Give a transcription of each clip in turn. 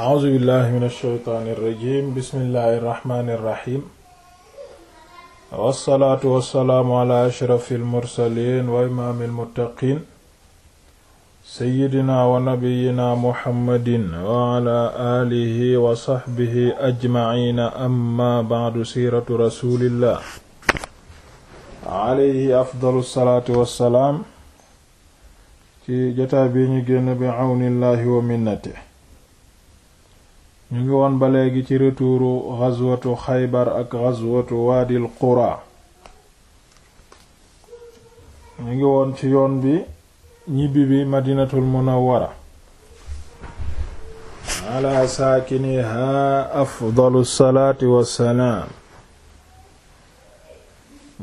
a'uuzu billahi min ash-shaytaani irrajim bismillahi irrahmani irrahim wassalaatu wassalaamu ala ashrafi almursalin wa imaami almuttaqin seyyidina wa nabiyina muhammadin wa ala aalihi wa saxbihi ajmaciina amma bacdu siiratu rasulillah alayhi afdalu salaatu wassalaam ci jotaay bi ñu génn bi awnillahi wa minnate ñu ngi woon ba léegi ci retouru ghazwatu xaybar ak ghazwatu waadil qura ñu ngi woon ci yoon bi ñibbi bi madinatul munawwara ala saakiniha afdalu salaati wassalaam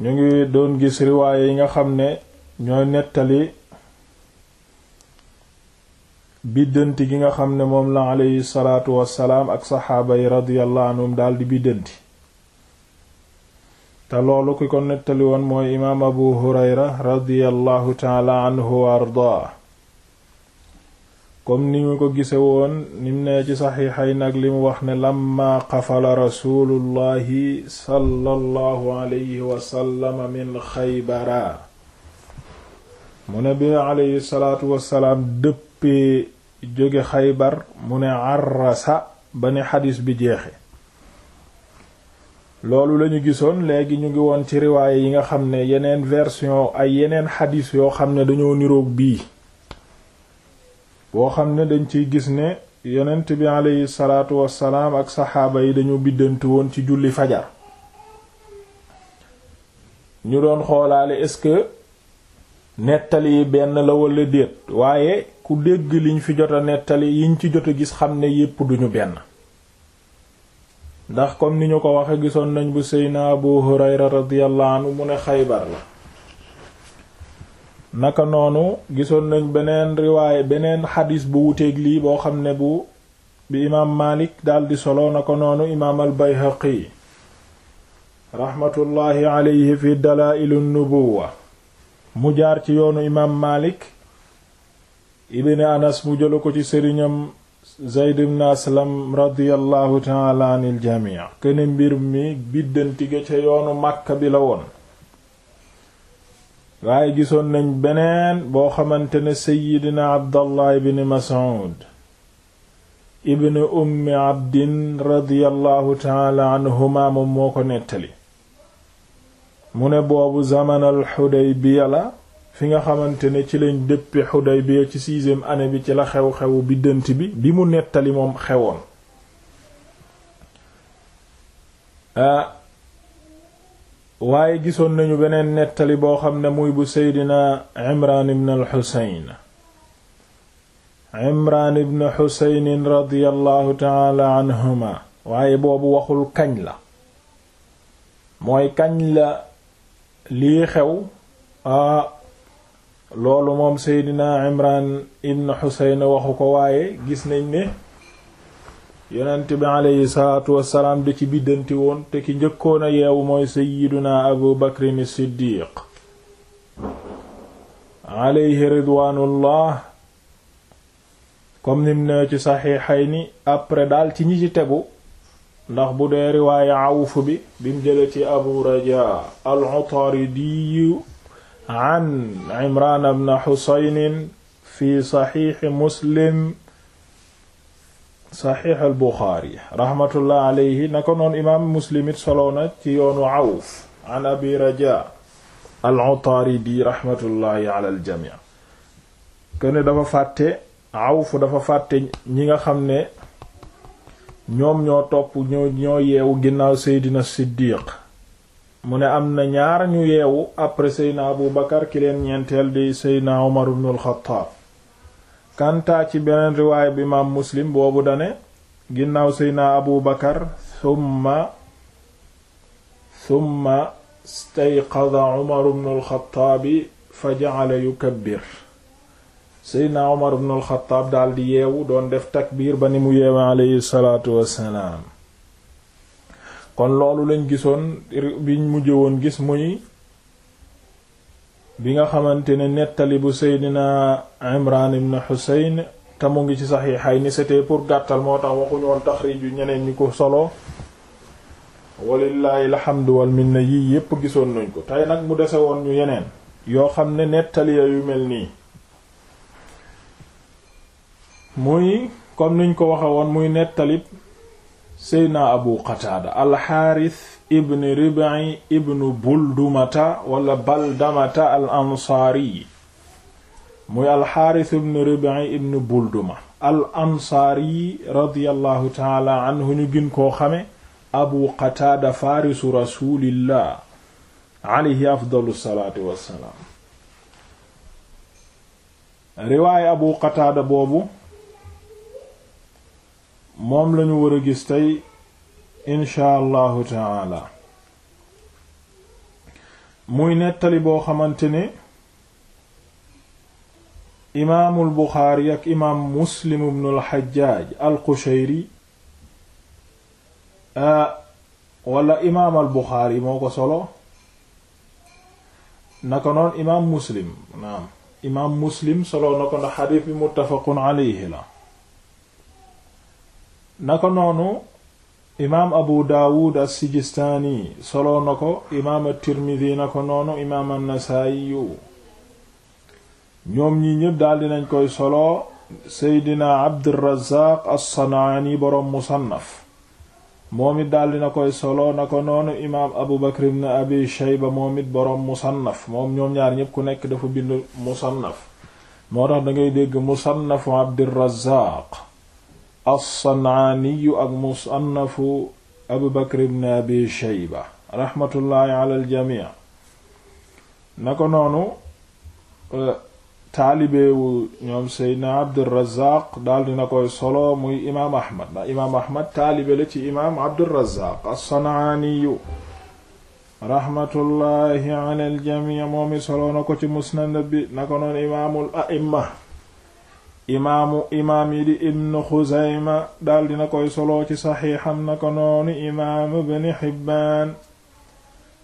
ñu ngi doon gis riwaaye yi nga xam ne ñooy nettali biddanti gi nga xam ne moom la aleyhi salaatu wassalaam ak saxaaba yi radiyallahu anhum daldi biddanti te loolu ki ko nettali woon mooy imaam abu hurayra radiyallahu taala wa ardaa comme ni mu ko gise woon nim nee ci saxiixay nag limu wax ne lamma qafala rasulullahi sallallahu alayhi wasallama min xaybara mu ne bi aleyhi salaatu wassalaam dëppee jóge xaybar mu ne arrasa ba ne xadis bi jeexe loolu lañu gisoon léegi ñu ngi woon ci riwaaye yi nga xam ne yeneen version ay yeneen xadis yoo xam ne dañoo niroog bii boo xam ne dañ ci gis ne yonent bi aleyhi salaatu wassalaam ak saxaaba yi dañu biddanti woon ci julli fajar ñu doon xoolaale est-ce que nettali benn la déet waaye ku dégg liñ fi jot a nettali yiñ ci jot a gis xam ne yépp duñu benn ndax comme ni ñu ko waxe gisoon nañ bu seyna Abu Hurayra radiyallahu mu ne Xaybar la naka noonu gisoon nañ beneen riwaay beneen xadis bu wuteeg lii boo xam ne bu imaam Maalik daldi solo naka noonu imaam al raxmatullaahi alayhi fi Dalaa'ilun Nubuwwa mu jaar ci yoonu imaam Maalik ibn anas mu jëla ko ci sëriñam zayd ibn aslam radiyallahu taala anil jamii kene mbir mi biddanti ga ca yoonu màkka bi la woon waaye gisoon nañ beneen boo xamante ne seyyidina abdallah ibn mas'ud ibn ummi abdin radiyallahu taala anhuma moom moo ko nettali mu ne boobu zamanal xudaybiya la fi nga xamante ne ci lañ dëppe Xudaybiya ci sixième année bi ci la xew-xewu biddanti bi bi mu nettali moom xewoon ah, waaye gisoon nañu beneen nettali boo xam ne muy bu Seydina Imraan ibn al-Xuseyn Imraan ibn Xuseynin radiyallahu taala anhuma waaye boobu waxul kañ la mooy kañ la lii xew ah, loolu moom Seydina Imran ibn Xuseyn waxu ko waaye gis nañ ne yonent bi aleyhi salaatu wassalaam da ci biddanti woon te ki njëkkoon yeewu mooy Seydina Abu Bakrin Siddiq aleyhi ridwaanullah comme nim ne ci saxiixayni après daal ci ñi ci tegu ndax bu dee riwaaye awuf bi bim jële ci Abu Rajaa al-Utaridi an Imraan ibn Husayn fi saxiixi Muslim saxiix al-Buxaari raxmatullahi alayhi na ko noon imaam Muslim it solo na ci yoonu Awf an Abi Rajaa al-Utaaridi raxmatullahi ala al-jamii kene dafa fàtte Awf dafa fàtte ñi nga xam ne ñoom ñoo topp ñoo ñoo yeewu ginnaaw Seydina Siddiq mu ne am na ñaar ñu yeewu après seydna abu bakar ki leen ñeenteel di seydna umar ibn al kantaa ci beneen riwaaya bi imaam muslim boobu dane ginnaaw seydna abu bakar summa summa stayqada umar ibn al-Khattab fa ja'ala yukabbir seydna umar ibn al-Khattab daldi yeewu doon def takbiir ba ni mu yeewe aleyhi salaatu wassalaam kon loolu lañ gisoon biñ mujj woon gis muy bi nga xamante ne nettali bu Seydina Imran ibn Husayn te mu ngi ci saxiixay ni c'était pour gàttal moo tax waxuñu woon yu ñeneen ñi ko solo walillahi alhamdu wal minna yii yépp gisoon nañ ko tey nag mu dese woon ñu yeneen yoo xam ne nettali yu mel nii muy comme niñ ko waxe woon muy nettalib seydna abu qataada alxaaris ibn ribai ibn buldumata wala baldamata al ansaari muy alxaaris ibn ribai ibn bulduma radiallahu taala anhu ñu gën koo xame abu qataada faarisu rasulillah alayhi afdalu abu qataada boobu moom lañu war a gis tey incha allahu taala muy nettali boo xamante ne imaamul buxaari ak imaam muslim ibnul xajjaaj alqushayri wala imaamal buxaari moo ko solo naka noon imaam muslim naam imaam muslim solo na ko ndax xadiis bi muttafaqun alayhi la naka noonu imaam abu daawud as-sijistaani solo na ko imaam at-tirmidhi na ko noonu imaam an daldi nañ koy solo seydina abdurrazaaq as-sanaani boroom musannaf moom daldi na koy solo na ko noonu imaam abu bakr ibn abi shayba moom it boroom musannaf moom ñoom ñaar ñépp ku nekk dafa bind musannaf moo tax dangay dégg musannafu abdurrazaaq as-San'aaniyu ak musannafu Abu Bakr ibn Abi Shayba raxmatullaahi ala al-jamii na ko noonu e, taalibeewu ñoom Seydina Abdurrazaaq daldi na koy solo muy imaam Ahmad ndax imaam Ahmad taalibe la ci imaam Abdurrazaaq as-San'aaniyu al-jamii moom solo na ko ci musnad bi na ko noonu imaamu imaam yi di ibnu daal dina koy soloo ci saxiixam na ko noonu imaamu bni xibbaan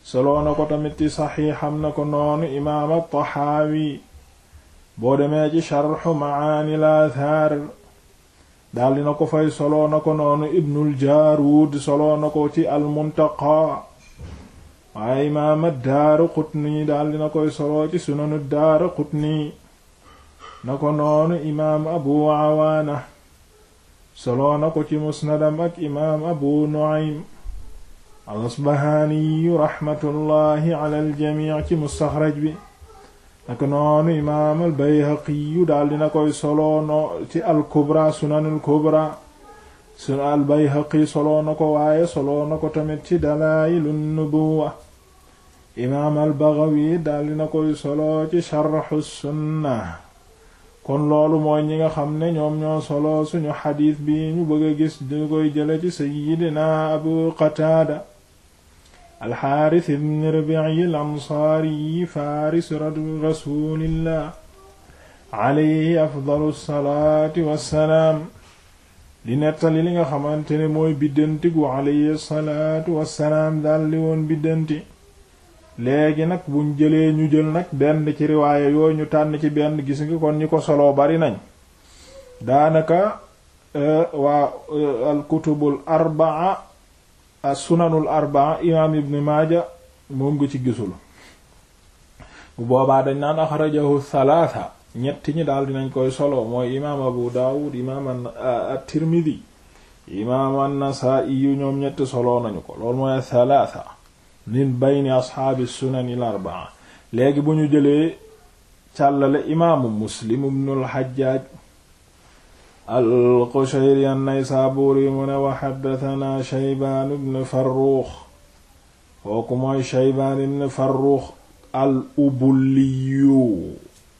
soloo na ko tamit ci saxiixam na ko noonu imaam altaxaawi boo demee ci sharxu macaani laathaar daal dina ko fay solo na ko noonu ibnuljaarud soloo na ko ci almuntaqa waaye imaam addaaru qutni daal dina koy soloo ci sunanu daaru qutni na ko noonu imaam abu awaana soloo na ko ci musnadam ak imaam abu nu'aym alasbahaaniyu raxmatullahi ala aljamic ci mustaxraj bi naka noonu imaam albayhaqiyu daal dina koy soloo no ci alkubra sunanul kubra suna albayhaqi soloo na ko waaye soloo na ko tamit ci dalaa'ilu nubuwa imaam albagawi daal dina koy soloo ci sharxu sunna kon loolu mooy ñi nga xam ne ñoom ñoo solo suñu xadiis bi ñu bëgg gis ñu koy jële ci sayyidina abu qataada alxaaris ibn rabii ansaari faaris rasulillah alayhi afdalu salaati wassalaam di nettali li nga xamante ne mooy biddanti gu alayhi salaatu wassalaam daldi woon biddanti léegi nag buñ jëlee ñu jël nag benn ci riwaaya yooyu ñu tànn ci benn gis nga kon ñi ko soloo bari nañ daanaka euh, waa euh, al kutubul arbaa as-sunanul arbaa imaam ibn maaja moom ci gisul bu boobaa dañ naan axrajahu thalatha ñetti ñi daal nañ koy solo mooy imaam abu daawud imaam euh, at-tirmidhi ñoom ñetti solo nañu ko loolu mooy thalatha min bayni asxaabi sunani l léegi bu ñu jëlee càllale imaamu muslim ibnul xajjaaj al-Qushayri an-Naysaburi mu ne wa xaddatanaa Shaybaan ibn Farrux kooku mooy Shaybaan ibn Farrux al-Ubulliyu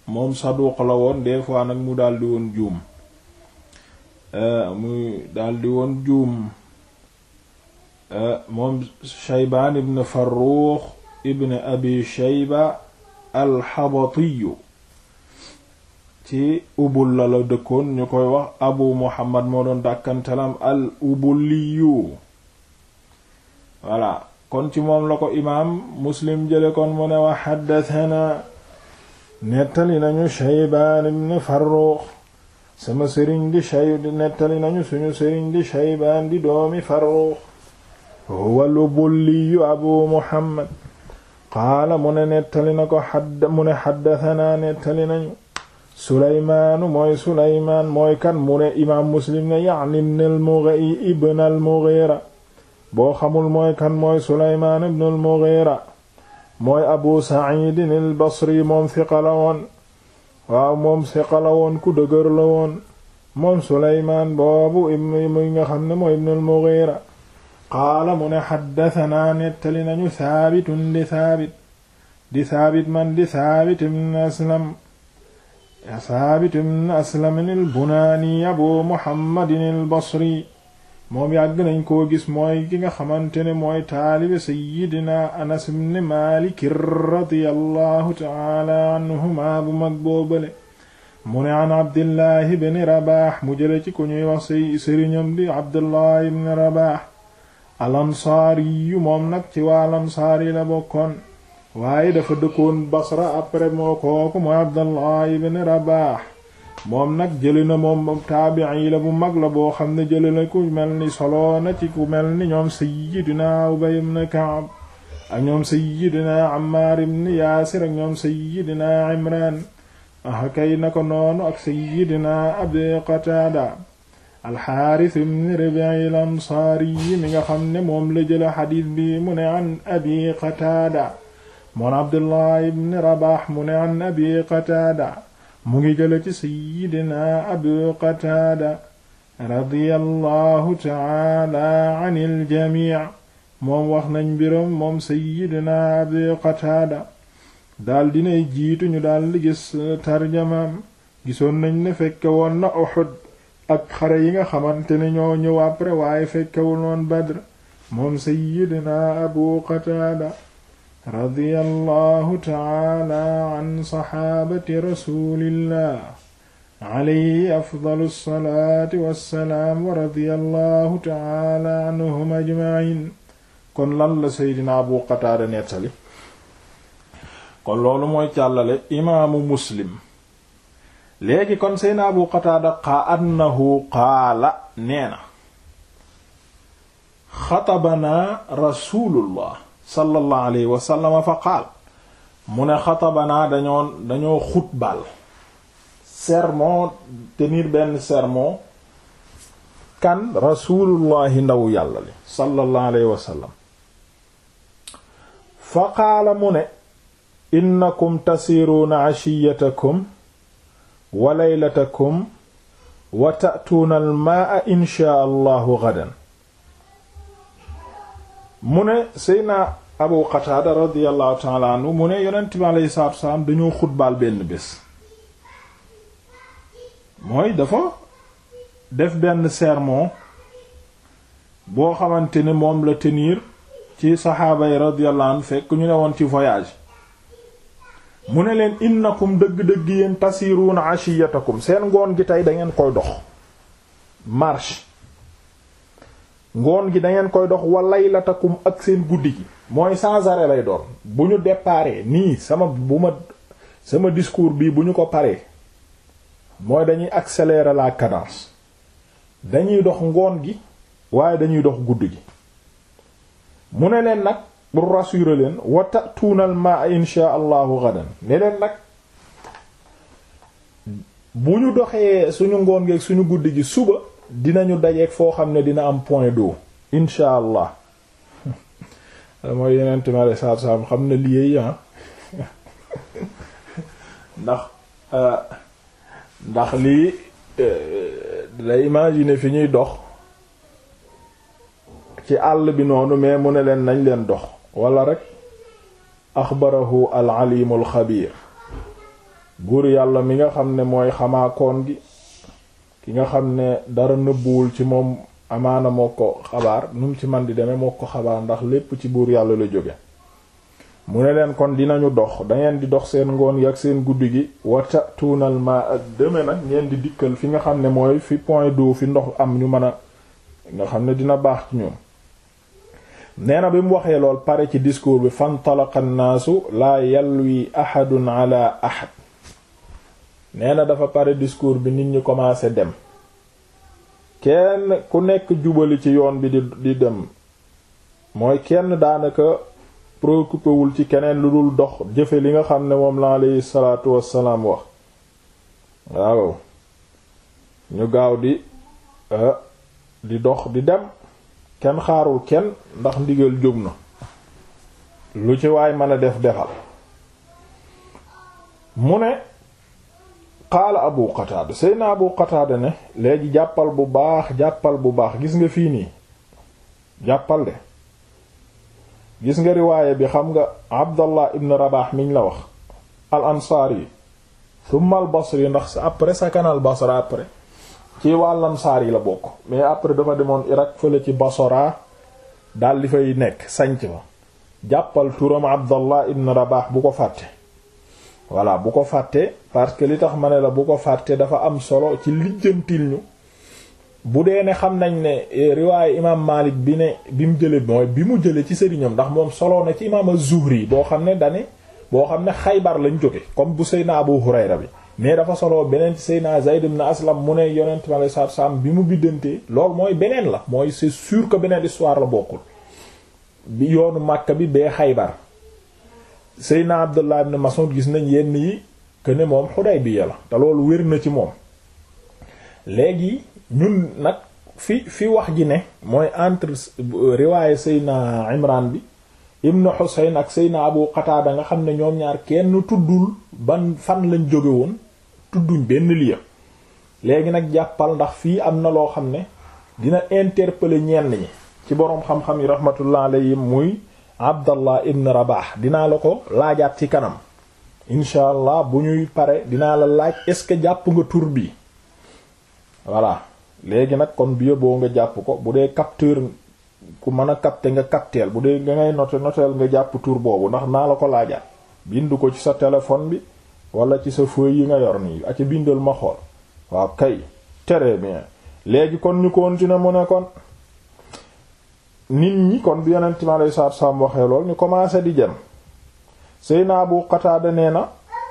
moom saduq la woon des fois nag mu daldi woon juum euh, muy daldi woon juum Eh, moom shaybaan ibn farrux ibn abi shayba alxabatiyu ci ubul la la ñu koy wax abu muhammad moo doon dàkkantalam al ubuliyu voilà kon ci moom la ko imaam muslim jële kon mu ne wa xaddatana nettali nañu shaybaan ibn farrux sama sëriñ di shay di doomi farrux huwa lubulliyu abu muhammad qaala mu ne nettali na ko xadd mu ne xaddatanaa nettali nañu suleymaanu mooy suleymaan mooy kan mu ne imaam muslim ne yani ibn al mughira boo xamul mooy kan mooy suleymaan ibn al mughira mooy abu saciidin al basri moom siqa la woon moom siqa la woon ku dëgër la woon moom suleymaan boobu xam ne mooy ibn al qaala mu ne xaddatanaa nettali nañu saabitun di saabit di saabit man di saabit ibn aslam saabit ibn aslamin il bunaani abu muhammadin il basri moom yàgg nañ koo gis mooy ki nga xamante ne mooy taalibe sayidina anas ibn maalik radiyallahu taala anhuma bu mag boobale mu ne an abdillahi ibn rabax mu jële ci ku ñuy wax say sëriñam di alansaari yu moom nag ci waa alansaari la bokkoon waaye dafa dëkkoon basra après moo kooku mooy abdallah ibn rabaax moom nag jëli na moom taabi'i la bu mag la boo xam ne jëli na ku mel ni solo na ci ku mel ni ñoom sayyidina ubay ibn ka'b ak ñoom sayyidina ammaar ibn yaasir ak ñoom sayyidina imran ah kay na noonu ak sayyidina abi qataada alxaaris ibn Rabi'i al-Ansaari mi nga xam ne moom la jëla xadiis bi mu ne an abi qataada moon Abdullah ibn Rabaah mu ne an abi qataada mu ngi jëla ci sayyidina abu qataada radiyallahu ta'ala anil jamii' moom wax nañ mbiram moom sayyidina abi qataada daal dinay jiitu ñu daal di gis tarjamaam gisoon nañ ne fekke woon na Uhud ak xare yi nga xamante ne ñoo ñëw après waaye fekkewul woon Badr moom sayyidina Abu Qataada radiyallahu ta'ala an saxaabati rasulillah alayhi afdalu salaati wassalaam wa radiyallahu ta'ala anhum ajma'in kon lan la seydina abu qataada nettali kon loolu mooy càllale imaamu muslim léegi kon seyna abu qataada qaa annahu qaala nee na xatabanaa rasulullah sallallahu alayhi wa fa qaal mu ne xatabanaa dañoo dañoo xutbal sermon tenir benn sermon kan rasulullahi ndaw yàlla li sallallahu alayhi wa sallam fa qaala mu ne innakum tasiruuna ashiyatakum wa laylatakum wa ta'tuuna almaa inshaa allahu gadan mu ne seyna abu qataada radiallahu taala anhu mu ne yonent bi alayhi salaatu wasalaam dañoo xutbaal benn bés mooy dafa def benn sermon boo xamante ne moom la tenir ci saxaaba yi radiyallahu fekk ñu ne woon ci voyage mu ne leen innakum dëgg-dëgg yéen tasiruuna ashiyatakum seen ngoon gi tey da ngeen koy dox marche ngoon gi dangeen koy dox wa laylatakum ak seen guddi gi mooy sans arrêt lay doon bu ñu déparé nii sama bu ma sama discours bii bu ñu ko paree mooy dañuy accélérer la cadence dañuy dox ngoon gi waaye dañuy dox guddi gi mu ne leen nag pour rassurer leen wata tuunal maa insha allahu gadan ne nag bu ñu doxee suñu ngoon geeg suñu guddi gi suba dinañu dajeeg foo xam ne dina am point do insha allah mooy yeneen timere xam ne lii ah. ndax euh, ndax lii euh, day imaginer fi ñuy dox ci àll bi noonu mais mu ne leen nañ leen dox wala rek axbarahu al alimul xabiir buur yàlla mi nga xam ne mooy xamaakoon gi ki nga xam ne dara nëbbuwul ci moom amaana moo ko xabaar nu ci man di demee moo ko xabaar ndax lépp ci buur yàlla la jóge mu ne leen kon dinañu dox dangeen di dox seen ngoon yi ak seen guddi gi wata tuunal ma ak deme nag ngeen di dikkal fi nga xam ne mooy fi point d'eau fi ndox am ñu mën a nga xam ne dina baax ci ñoom nee bi mu waxee lool pare ci diskuur bi fantalaqa xanaasu laa yalwi ahadun ala ahad nee na dafa pare diskuur bi nit ñi commencé dem kenn ku nekk jubali ci yoon bi di di dem mooy kenn daanaka préoccupé wul ci keneen lu dul dox jëfe li nga xam ne moom la aleyhi salaatu wassalaam wax waaw ñu gaaw di ah, di dox di dem kenn xaarul kenn ndax ndigal jóg na lu ci waay mën a def defal mu ne qaala abu qataada seyna abu qataada ne léegi jàppal bu baax jàppal bu baax gis nga fii nii jàppal de gis nga riwaaya bi xam nga abdallah ibn rabax miñ la wax al ansaar yi thumma al basri ndax sa après sa kanal basra après ci wàllam saar yi la bokk mais après dafa demoon Irak fële ci Basora daal di fay nekk sanc ma jàppal turam Abdallah ibn Rabah bu ko fàtte voilà bu ko fàtte parce que li tax ma ne la bu ko fàtte dafa am solo ci lijjantil ñu bu dee ne xam nañ ne e, riwaayu imaam Malik bi ne bi mu jële mooy bi mu jële ci ñoom ndax moom solo na ci imaam az-Zuhri boo xam ne dane boo xam ne Xaybar lañ jóge comme bu Seydina Abu Hurayra bi mais dafa solo beneen Seydina Zayd ibn Aslam mu ne yonent mi alayhi salaatu bi mu biddantee loolu mooy beneen la mooy c'est sûr que beneen histoire la bokkul bi yoonu Makka bi bee Xaybar Seydina Abdullah ibn Mas'ud gis nañ yenn yi que ne moom Xudaybiya la te loolu wér na ci moom léegi ñun nag fi fi wax ji ne mooy entre riwaaye Seydina Imran bi ibnu Xuseyn ak Seyna Abu Qataada nga xam ne ñoom ñaar kenn tuddul ban fan lañ jóge woon tudduñ benn lieu léegi nag jàppal ndax fii am na loo xam ne dina interpeller ñenn ñi ci boroom xam-xam yi rahmatullah alayhim muy Abdallah ibn Rabah dinaa la ko laajaat ci kanam incha allah bu ñuy pare dinaa la laaj est-ce que jàpp nga tur bi voilà léegi nag kon bio boo nga jàpp ko bu dee capteur ku mën a capter nga capteel bu dee nga ngay noteel nga jàpp tur boobu ndax naa la ko laajaat bindu ko ci sa téléphone bi walla ci sa feuille yi nga yor nii ak bindal ma xool waaw kay très bien léegi kon ñu continuer mu ne kon nit ñi kon bi yonent mi alayhi waxee lool ñu commencé di jëm naa Abu Qataada nee na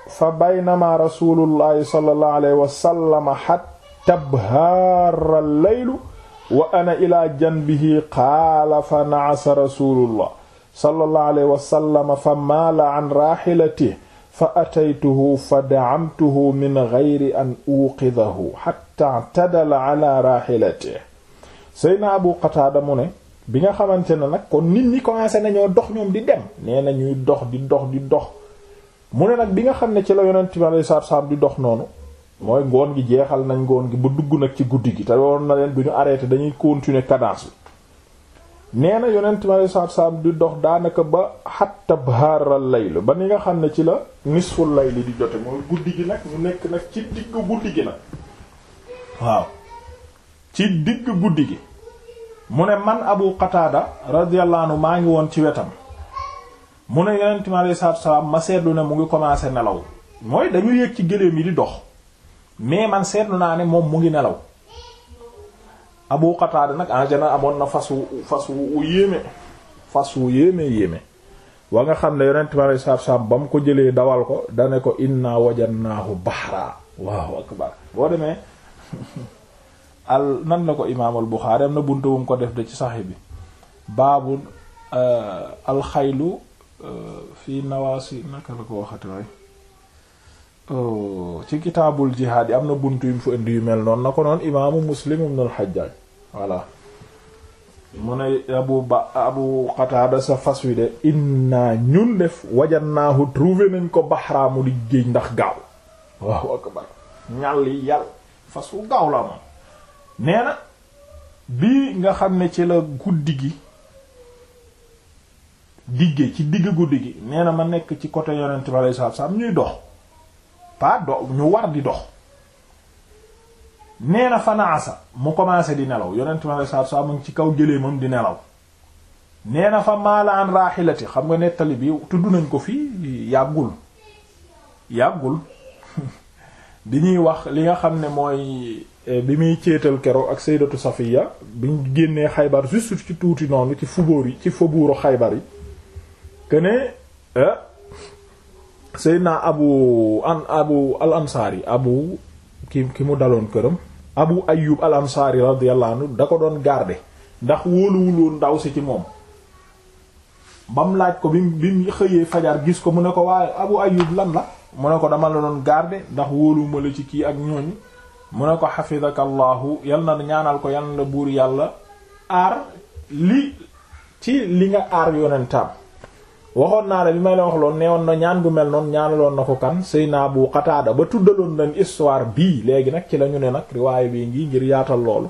fa baynama rasulullahi sallallahu alayhi wa sallam hatta bhaara al-laylu wa ana ila janbihi qaala fa na'asa rasulullah sallallahu wa sallam fa maala an raahilatihi fa ataytuhu fa da'amtuhu min ghayri an uqidahu hatta i'tadala ala raahilatihi Seyna Abu Qatada mu ne bi nga xamante ne nag kon nit ñi commencé nañoo dox ñoom di dem nee na ñuy dox di dox di dox mu ne nag bi nga xam ne ci la yonent bi alayhi salaatu wa di dox noonu mooy ngoon gi jeexal nañ ngoon gi bu dugg nag ci guddi gi te woon na leen duñu arrêté dañuy continuer cadence bi nee na yonent mi alei satu salaam di dox daanaka ba xatta baaral layl ba ni nga xam ne ci la nisful layli di jote mooy guddi gi nag mu nekk nag ci digg guddi gi nag waaw ci digg guddi gi mu ne man abu qataada radiyallahu maa ngi woon ci wetam mu ne yonent mi alei satu salaam ma seetlu ne mu ngi commencé nelaw mooy dañu yéeg ci gëléem yi di dox mais man seetlu naa ne moom mu ngi nelaw Abu Qatada nag en général amoon na fas wu fas wu yéeme fas wu yéeme yéeme wa nga xam ne yonent bi aleyhi salaatu salaam ba mu ko jëlee dawal ko dane ko inna wajadnaahu bahra waaw akbar boo demee al nan la ko imaamal Buxaari am na buntu ko def de ci saxi bi baabu euh, alxaylu euh, fii nawaasi naka la ko waxati Oh, ci kitaabul jihaad yi am na buntu yu mu fa indi yu mel noonu na ko noon imaamu muslim ibn al-Hajjaj voilà mu ne abu ba abu Qataada sa fas wi de inna ñun def wajannaahu trouvé nañ ko baxraamu di géej ndax gaaw waaw akbar ñàll yi yàll fas wu gaaw la moom nee na bii nga xam ne ci la guddi gi digge ci digg guddi gi nee na ma nekk ci côté yonent bi sallallahu alayhi wasallam ñuy dox pas do ñu war di dox nee na fanaasa mu commencé di nelaw yonent ma saa saa mu ngi ci kaw géléemam di nelaw nee na fa maala an raaxilati xam nga nettali bi tudd nañ ko fii yàggul yàggul di ñuy wax li nga xam ne mooy eh, bi muy céetal keroog ak sayyidatu safiya biñ génnee xaybar juste ci tuuti noonu ci fubóor yi ci faubourg xaybar yi que eh, Seydina abu an abu al abu ki ki mu daloon këram abu ayub al ansaari radiyallahu da ko doon garder ndax wóoluwuloon ndaw si ci moom bam laaj ko bi bi xëyee fajar gis ko mu ne ko waaye abu ayub lan la mu ne ko dama la doon garder ndax wóoluwuma la ci kii ak ñooñu mu ne ko xafidaka allahu yal na ñaanal ko yal na buur yàlla aar li ci li nga aar yonentam waxoon naa la bi may la wax loon neewoon na ñaan gu mel noon noonu ñaanaloon na ko kan Seydina bu Qataada ba tuddaloon nañ histoire bii léegi nag ci lañu ne nag riwaay bi ngi ngir yaatal loolu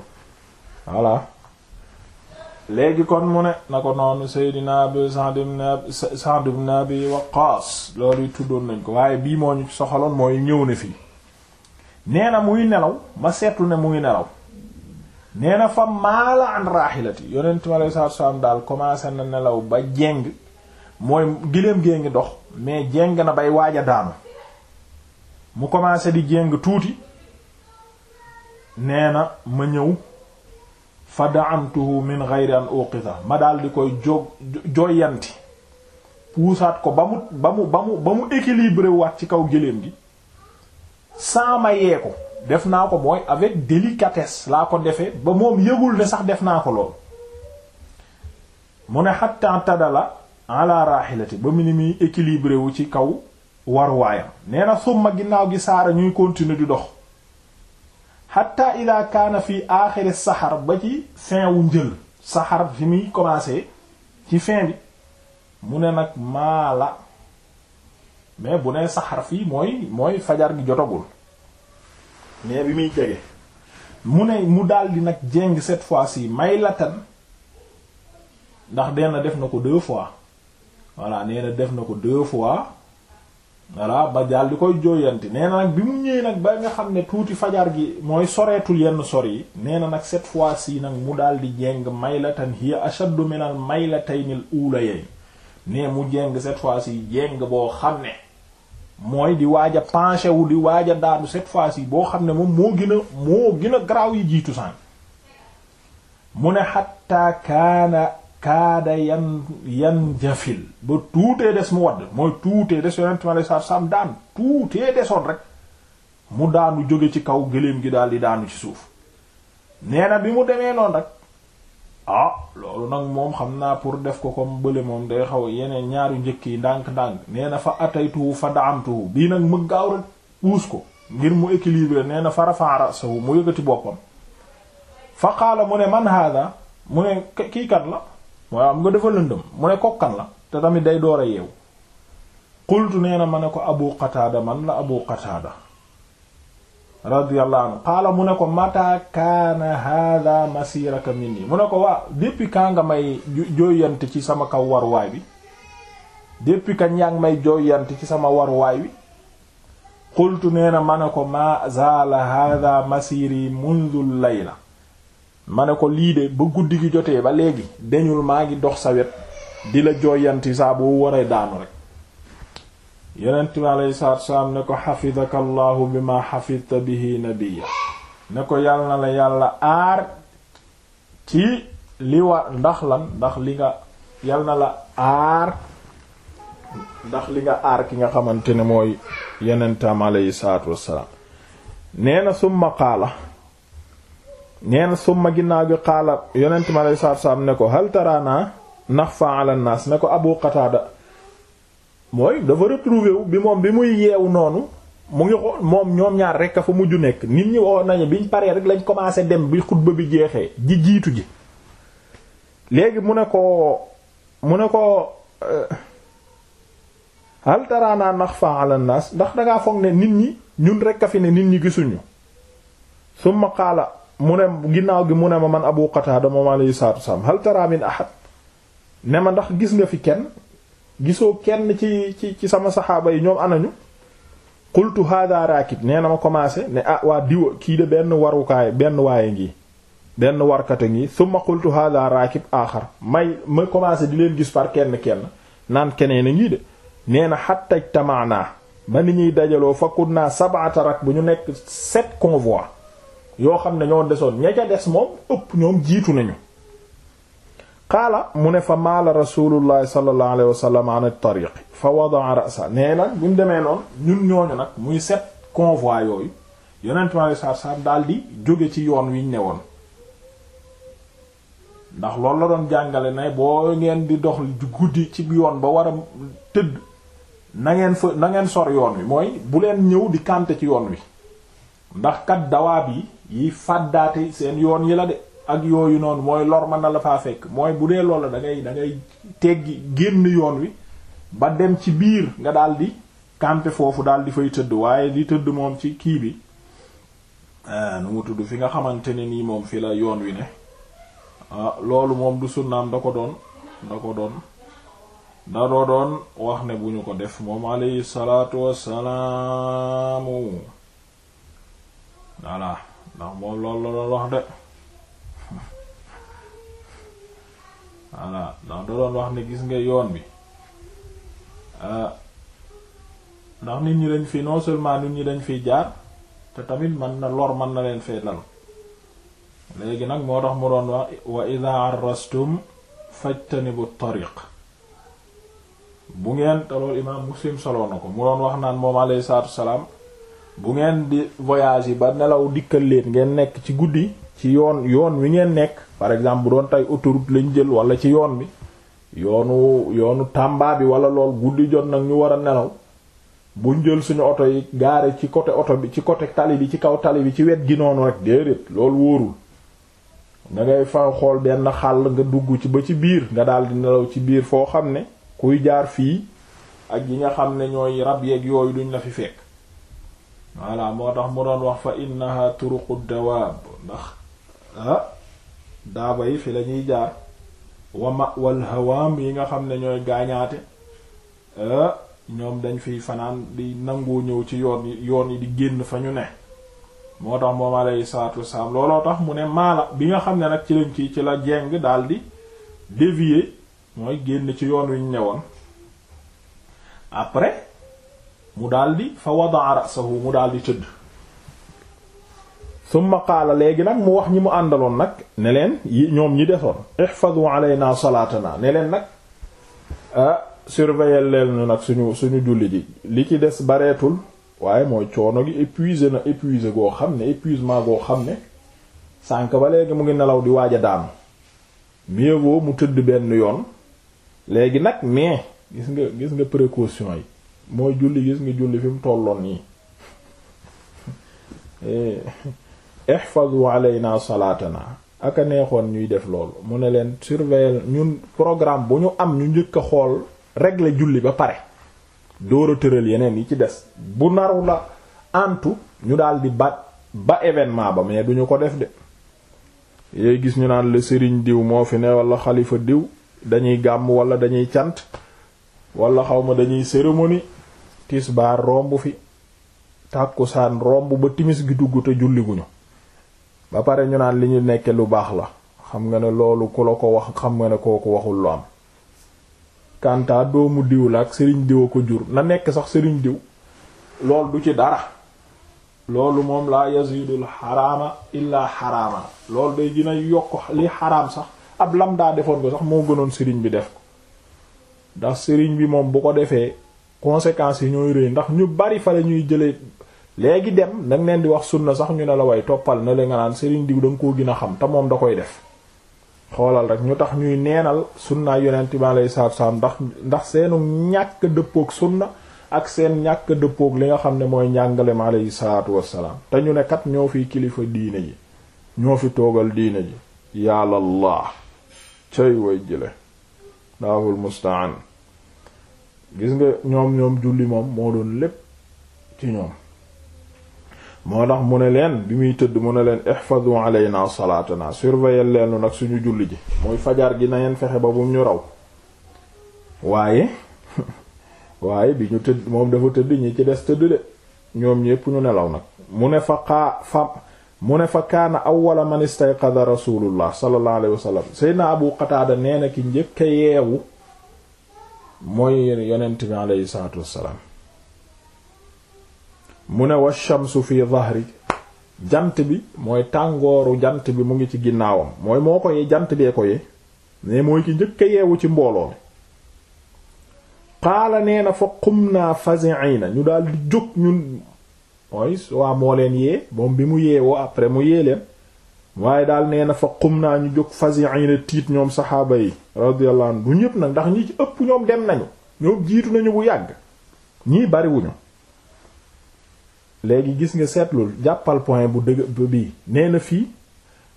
léegi kon mu ne na ko noonu Seydina Abu Sa'd ibn Sa'd nañ ko waaye bii moo soxaloon mooy ñëw na fii nee na muy nelaw ma seetlu ne muy nelaw nee na fa maala an raahilati yonent mi alayhi salaatu wa salaam daal commencé na nelaw ba jeng mooy giléem gée ngi dox mais jéng na bay waaj a daanu mu commencé di jéng tuuti nee na ma ñëw fa da'amtuhu min ghayri an ma daal di koy jo joyanti puusaat ko ba mu ba mu ba mu équilibré waat ci kaw géléem gi sans ma yee ko def naa ko mooy avec délicatesse laa ko defee ba moom yëgul ne sax def naa ko lool mu ne hatta tadala la rahilati ba mu ni muy équilibré ci kaw warwaayam nee na ma ginnaaw gi saara ñuy continuer di dox hatta ila kaana fi aaxiri saxar ba ci fin wu njël saxar fi muy commencé ci fin bi mu ne nag maa la mais bu ne saxar fii mooy mooy fajar gi jotagul mais bi muy jege mu ne mu daldi nag jéng cette fois-ci may latan ndax denn def na ko deux fois voilà nee def na ko deux fois voilà ba daal di koy jooyanti nee na nag bi mu ñëwee nag ba nga xam ne tuuti fajar gi mooy soreetul yenn sor yi nee na nag cette fois ci nag mu daal di jéng maylatan hiya ashaddu min al maylataynil ulayayn ne mu jéng cette fois ci jéng boo xam ne mooy di waaj a penché di waaj a daanu fois ci boo xam ne moom moo gën a moo gën a garaaw yi jiitu sànq mu ne xatta kaada yan yan jafil ba tuutee des mu wadd mooy tuutee des yonent mi alei satu salaam daan tuutee desoon rek mu daanu jóge ci kaw gëléem gi daal di daanu ci suuf nee bi mu demee noonu rek ah loolu nag moom xam naa pour def ko comme bële moom day xaw yeneen ñaaru njëkk yi ndànk-ndànk nee na fa ataytuhu fa daamtuhu bii nag mu gaaw rek puus ko ngir mu équilibré nee na fa rafa'a ra'sahu mu yëkkati boppam fa qaala mu ne man hada mu ne kii kat la mooy am nga dafa lëndëm mu ne kokkan la te tamit day door a yeew qultu nee na ma ne ko abu qataada man la abu qataada radiyallahu anhu qaala mu ne ko mata kaana hada masiraka minni mu ne ko waa depuis kaa nga may jooyant ci sama kaw waruwaay bi depuis quand yaa ngi may jooyant ci sama waruwaay bi qultu nee na ma ne ko ma zaala hada masiri mundu layla ma ne ko lii de bu guddi gi jotee ba léegi deñul maa ngi dox sa wet di la jooyanti saa boo waree daanu rek yonent bi alayhi ne ko xafidaka ma xafidta bihi nabiyya ko yàlla na la yàlla aar ci ndax lan ndax li nga yàlla na la aar ndax li nga aar ki nga xamante ne mooy yonentam alayhi salaatu wasalaam nee na summa neen summa ginnaaw gi xaala yonent mi aleyhi salaatu salaam ne ko hal taraana naxfa ala naas ne ko Abu Qataada mooy dafa retrouvé wu bi moom bi muy yeewu noonu mu ngi xool moom ñoom ñaar rek a fa mujj nekk nit ñi waxoon nañu bi ñu paree rek lañ commencé dem bi xutba bi jeexee ji jiitu ji léegi mu ne ko mu ne ko eh, hal nax naxfa ala naas ndax dangaa foog ne nit ñi ñun rek a fi ne nit ñi gisuñu summa xaala mu ne ginnaaw gi mu ne ma man Abu Qatada moom alayhi salaatu wassalaam hal tara min ne ma ndax gis nga fi kenn gisoo kenn ci ci ci sama saxaaba yi ñoom anañu qultu hada raakib nee na ma commencé ne ah waa diwa kii de benn warukaay benn waaye ngi benn warkate ngi summa qultu hada raakib aaxar may ma commencé di leen gis par kenn kenn naan keneen a ngi de nee na xattaj tamaanaa ba ni ñuy dajaloo fakkut naa sab'ata rak bu ñu nekk sept convois yoo xam ne ñoo desoon ña des moom ëpp ñoom jiitu nañu qaala mu ne fa maala rasulullahi sallallahu alayhi wa sallam an at-tariq fa nee nag bi demee noonu ñun ñooñu nag muy set convoi yooyu yonent mi alayhi salaatu salaam daal di jóge ci yoon wiñ ne woon ndax loolu la doon jàngale ne boo ngeen di dox guddi ci yoon ba war a tëdd nangeen ngeen fa na ngeen sor yoon wi mooy bu leen ñëw di kante ci yoon wi ndax kat dawaab yi yiy fàddaate seen yoon yi la de ak yooyu noonu mooy lor mën na la faa fekk mooy bu dee loolu dangay dangay teggi génn yoon wi ba dem ci biir nga daal di camper foofu daal di fay tëdd waaye di tëdd moom ci kii bi ah, nu mu tudd fi nga xamante ne nii moom fi la yoon wi ne ah, loolu moom du sunnaam da ko doon da ko doon da doon wax ne bu ñu ko def moom alayhi salaatu wassalaamu voilà ndax moom loolu la wax de voilà ndax da doon wax ne gis nga yoon bi euh, ndax nit ñi dañ fi non seulement nit ñi dañ fi jaar te tamit mën na lor mën na leen fee dal léegi nag moo tax mu doon wax wa idha arrastum fajtanibu tariq bu ngeen te loolu imaam muslim solo na ko mu doon wax naan moom alayhi salaatu salaam bu ngeen di voyage yi ba nelaw dikkal leen ngeen nekk ci guddi ci yoon yoon wi ngeen nekk par exemple bu doon tey autoroute lañ jël wala ci yoon bi yoonu yoonu Tamba bi wala lool guddi jot nag ñu war a nelaw buñ jël suñu oto yi gaare ci côté oto bi ci côté tali bi ci kaw tali bi ci wet gi noonu rek déedéet loolu wóorul da ngay fa xool benn xàll nga dugg ci ba ci biir nga daal di nelaw ci biir foo xam ne kuy jaar fii ak yi nga xam ne ñooy rab yeeg yooyu duñ la fekk voilà moo tax mu doon wax fa innaha turuqu dawaab ndax ah, daaba yi fi lañuy jaar wa mawal yi nga xam ne ñooy gaañaate ah, ñoom dañ fiy fanaan di nangoo ñëw ci yoon yoon yi di génn fa ñu ne moo tax moom alayhi salaatu wasalaam looloo tax mu ne maala bi nga xam ne nag ci ci la jeng daal di dévier mooy génn ci yoon wi ñu ne woon après mu daldi fa wadaa rasahu mu daldi tëdd summa qaala léegi nag mu wax ñi mu àndaloon nag ne leen yi ñoom ñi desoon ihfadu naa salaatana naa neleen nag ah surveiller leen ñu nag suñu suñu julli yi li ci des bareetul waaye mooy coono gi épuisé na épuisé goo xam ne épuisement goo xam ne sànq ba léegi mu ngi nelaw di waaj a daanu mieux vaut mu tëdd benn yoon léegi nag mais gis nga gis nga précaution yi mooy julli gis nga julli fi mu tolloon nii eh, ihfazu alayna ak a neexoon ñuy def loolu mu ne leen surveiller ñun programme bu ñu am ñu njëkk a xool régler julli ba pare door a tëral yeneen yi ci des bu naru la antu ñu daal di ba ba événement ba mais duñu ko def de yooyu gis ñu naan la sëriñ diw moo fi ne wala xalifa diw dañuy gàmm wala dañuy cant wala xaw ma dañuy cérémonie tisbaar romb fi tàkkusaan romb ba timis gi dugg te julli julliguñu ba pare ñu naan li ñu nekke lu baax la xam nga ne loolu ku la ko wax xam nga ne kooku waxul lu am kanta doomu diw la ak sëriñ diw a ko jur na nekk sax sëriñ diw lool du ci dara loolu moom laa yazidul xaraama illaa xaraama loolu day gën a yokk li xaraam sax ab lam daa defoon ko sax moo gënoon sëriñ bi def ko ndax sëriñ bi moom bu ko defee conséquences yi ñooy rëy ndax ñu bari fa ñuy jëlee léegi dem nag leen di wax sunna sax ñu ne la way toppal na la nga naan sëriñ diw da nga koo gën a xam te moom da koy def xoolal rek ñu tax ñuy neenal sunna yonent bi alayhi salaatu salaam ndax ndax seenu ñàkk dëppook sunna ak seen ñàkk dëppook li nga xam ne mooy njàngalem alayhi salaatu wassalaam te ñu ne kat ñoo fi kilifa diine ji ñoo fi toogal diine ji yàlla laa cay way laahul mustaan gis nga ñoom ñoom julli moom moo doon lépp ci ñoom moo tax mu ne leen bi muy tëdd mu ne leen ihfazu alayna salaatana surveiller leen nag suñu julli ji mooy fajar gi na ngeen fexe ba bu ñu raw waaye waaye bi ñu tëdd moom dafa tëdd ñi ci des tëdd de ñoom ñépp ñu nelaw nag mu ne fa xaa fa mu ne fa kaana awwala man istayqada rasulullah sallallahu alayhi wa sallam seydna abu qataada nee na ki njëkk yeewu mooy yonent bi aleyhi salatu wassalaam mu ne wa shamsu fi dhahri jant bi mooy tàngooru jant bi mu ngi ci ginnaawam mooy moo ko yee jant bee ko yee ne mooy ki njëkk a yeewu ci mbooloo mi qaala nee na fa qumnaa fazi'ina ñu daal di jóg ñun mooy waa moo leen yee moom bi mu yeewoo après mu yee leen waaye daal nee na fa xum naa ñu jóg fasiina tiit ñoom saxaaba yi radiyallahu anhu du ñëpp nag ndax ñi ci ëpp ñoom dem nañu ñoom jiitu nañu bu yàgg ñii bariwuñu léegi gis nga seetlul jàppal point bu dëgg bi nee na fii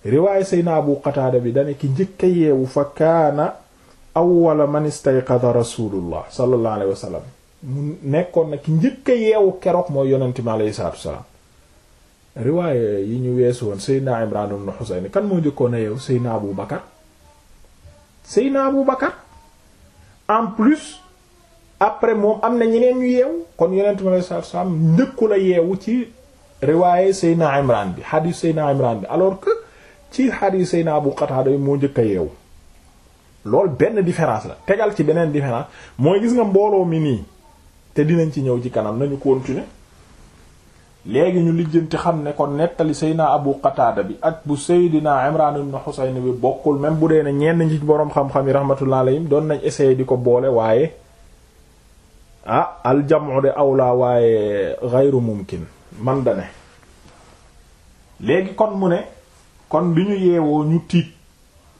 riwaay sayna abu qataada bi dane ki njëkk a yeewu fa kaana awwala man istayqada rasulullah sallallahu alayhi wasallam mu nekkoon na ki njëkk a yeewu keroog mooy yonanti mi alayhi salaatu wasalaam riwaaye yi ñu weesu woon Seydina Imraan ibn Husayn kan moo njëkkoon a yeewu Seydina Abu Bakar Seydina Abu Bakar en plus après moom am na ñeneen ñu yeewu kon yonent mi njëkku la yeewu ci riwaaye Seydina Imraan bi xadiis Seydina Imraan bi alors que ci xadiis Seydina Abu Qataada bi moo njëkk a yeewu loolu benn différence la tegal ci beneen différence mooy gis nga mbooloo mi nii te dinañ ci ñëw ci kanam nañu continuer léegi ñu lijjanti xam ne kon nettali Seydina Abu Qatada bi ak bu Seydina Imran ibn Husayn bi bokkul même bu dee ne ñenn ñi ci boroom xam-xam yi rahmatullah alayhim doon nañ essayer di ko boole waaye ah aljamu de awla waaye ghayru mumkin man da ne léegi kon mu ne kon bi ñu yeewoo ñu tiit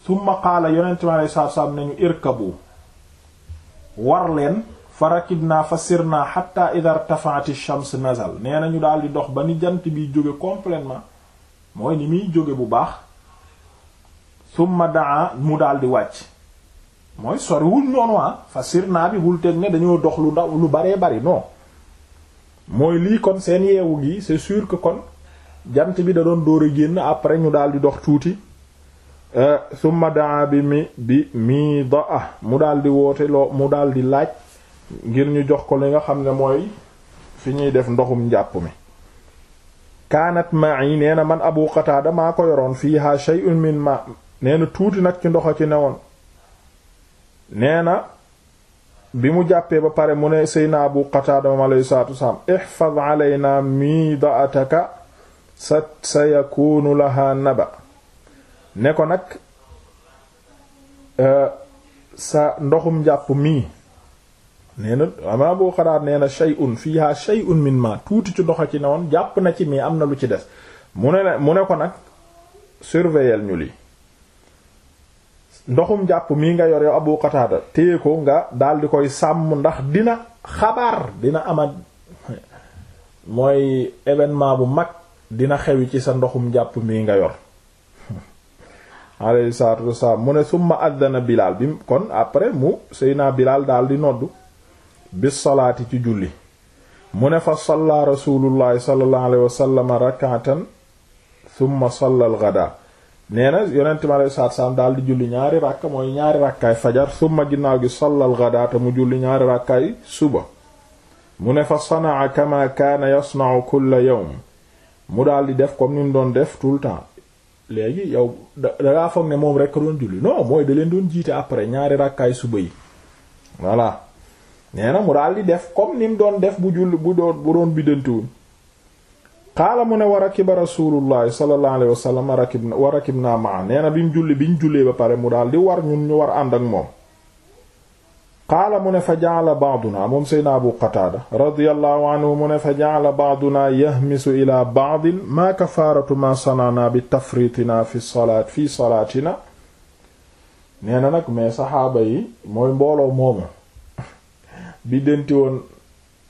summa qaala yonente mi alei nañu irkabu war leen fa rakibna fa sirna xatta ida irtafaati shams nazal nee nañu daal di dox ba ni jant biy jóge complètement mooy ni muy jóge bu baax summa daa mu daldi wàcc mooy soriwul noonu ah, fa sirna bi bul teg ne dañoo dox lu lu baree bari non mooy lii kon seen yeewu gi c'est sûr ko kon jant bi da doon dóor a génn après ñu daal di dox tuuti euh, summa daa bi mi bi mii da mu daldi di woote loo mu daal di laaj ngir ñu jox ko li nga xam ne mooy fi ñuy def ndoxum njàpp mi kaanat maa nee na man abu qataada maa ko yoroon fiiha shay'un min ma nee na tuuti nag ci ndox a ci newoon nee na bi mu jàppee ba pare mu ne seyna abu qataada moom alayhi salaatu wasalaam ihfaz alayna miida'ataka sa sa yakunu laha naba ne ko nag sa ndoxum njàpp mii nee na ama boo xaraat nee na shay'un fiha shay'un min ma tuuti ci ndox ci newoon jàpp na ci mii am na lu ci des mu ne mu ne ko nag surveiller ñu lii ndoxum jàpp mii nga yor yow Abu Qataada téye ko nga daal di koy sàmm ndax dina xabaar dina ama mooy événement bu mag dina xewi ci sa ndoxum jàpp mii nga yor alayhi salaatu wasalaam mu ne summa addana Bilaal bi kon après mu sëy naa Bilaal daal di noddu bisalaati ci julli mu ne fa salla rasulullahi sallallahu alayhi wa sallam rak'atan thumma salla al-ghada nee na yonent mi alayhi salaatu salaam daal di julli ñaari ràkka mooy ñaari ràkkaay fajar thumma ginnaaw gi salla al-ghada te mu julli ñaari ràkkaay suba mu ne fa sanaa kama kaana yasna'u kulla yawm mu daal di def comme ni mu doon def tout le temps léegi yow da dangaa foog ne moom rekk a doon julli non mooy da leen doon jiite après ñaari ràkkaay suba yi voilà nee na mu daal di def comme ni doon def bu jull bu doon bu doon mu ne wa rakiba rasulullahi sallallahu alayhi wasallam rakibna wa rakibna maa bi mu julli bi ñu jullee ba pare mu daal di war ñun ñu war ànd ak moom qaala mu ne fa jaala baaduna moom seydna abu qataada radiyallahu anhu mu ne fa jaala baaduna yahmisu ila baadin maa kafaaratu maa sanana bi tafritina fi salaat fi salaatina nee na nag mais saxaaba yi mooy mbooloo mooma bi denti woon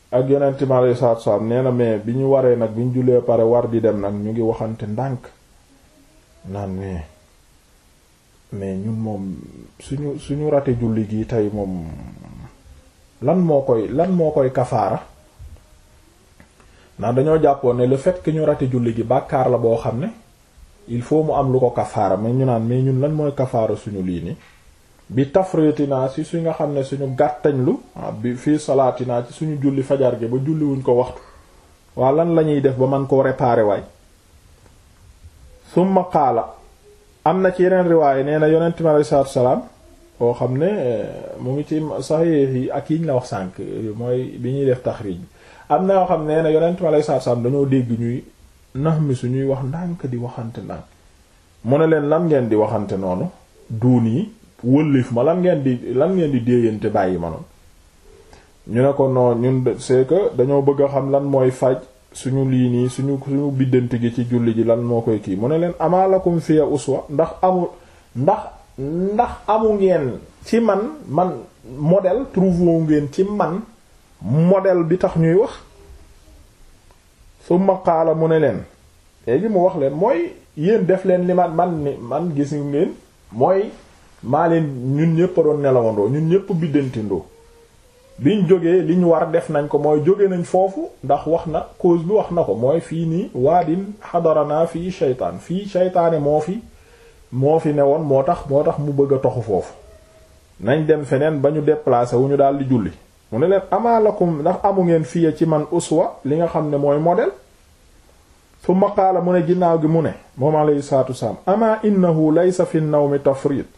ak yonent mi alayhi salaatu salaam nee na mais bi ñu waree nag bi ñu jullee pare war di dem nag ñu ngi waxante ndànk naan mais mais ñun moom suñu suñu rate julli gi tey moom lan moo koy lan moo koy kafaara ndax dañoo jàppoon ne le fait ñu rate julli gi bàkkaar la boo xam ne il faut mu am lu ko kafaara mais ñu naan mais ñun lan mooy kafaara suñu lii nii bi tafritinaa si su nga xam ne suñu gàttañlu ah, bi fii salaatinaa ci suñu julli fajar gi ba julliwuñ ko waxtu waa lan lañuy def ba man koo réparer waay summa qaala am na ci yeneen riwaaye nee na yonent mi alayhi salaatu salaam koo xam ne eh, mu ngi ci saxiix yi ak yiñ la wax sànq eh, mooy bi ñuy def taxriij bi am na yoo xam ne nee na yonent mi alayhi salaatu salaam dañoo dégg ñuy nax mi suñuy wax ndànk di waxante ndànk mu ne leen lan ngeen di waxante noonu duun wëllif ma lan ngeen di lan ngeen di déeyante bàyyi ma noonu ñu ne ko non ñun c'est dañoo bëgg a xam lan mooy faj suñu lii nii suñu suñu biddante gi ci julli ji lan moo koy kii mu ne leen amaalakum fiya uswa ndax amu ndax ndax amu ngeen ci man man modèle trouve ngeen ci man model bi tax ñuy wax summa qaala mu ne leen léegi mu wax leen mooy yéen def leen li man man man gis mooy maa leen ñun ñëpp a doon nelawandoo ñun ñëpp biddantindoo biñ jógee liñ war def nañ ko mooy jóge nañ foofu ndax wax na cause bi wax na ko mooy fii nii waadin naa fii shaytaan fii shaytaane moo fi moo fi ne woon moo tax moo tax mu bëgg a toxu foofu nañ dem feneen ba ñu déplacé wu ñu daal di julli mu ne leen amaalakum ndax amu ngeen fii ci man uswa li nga xam ne mooy modèle tumma qaala mu ne ginnaaw gi mu ne moom alayhi salaatu wasalaam ama innahu laysa fi nawmi tafrit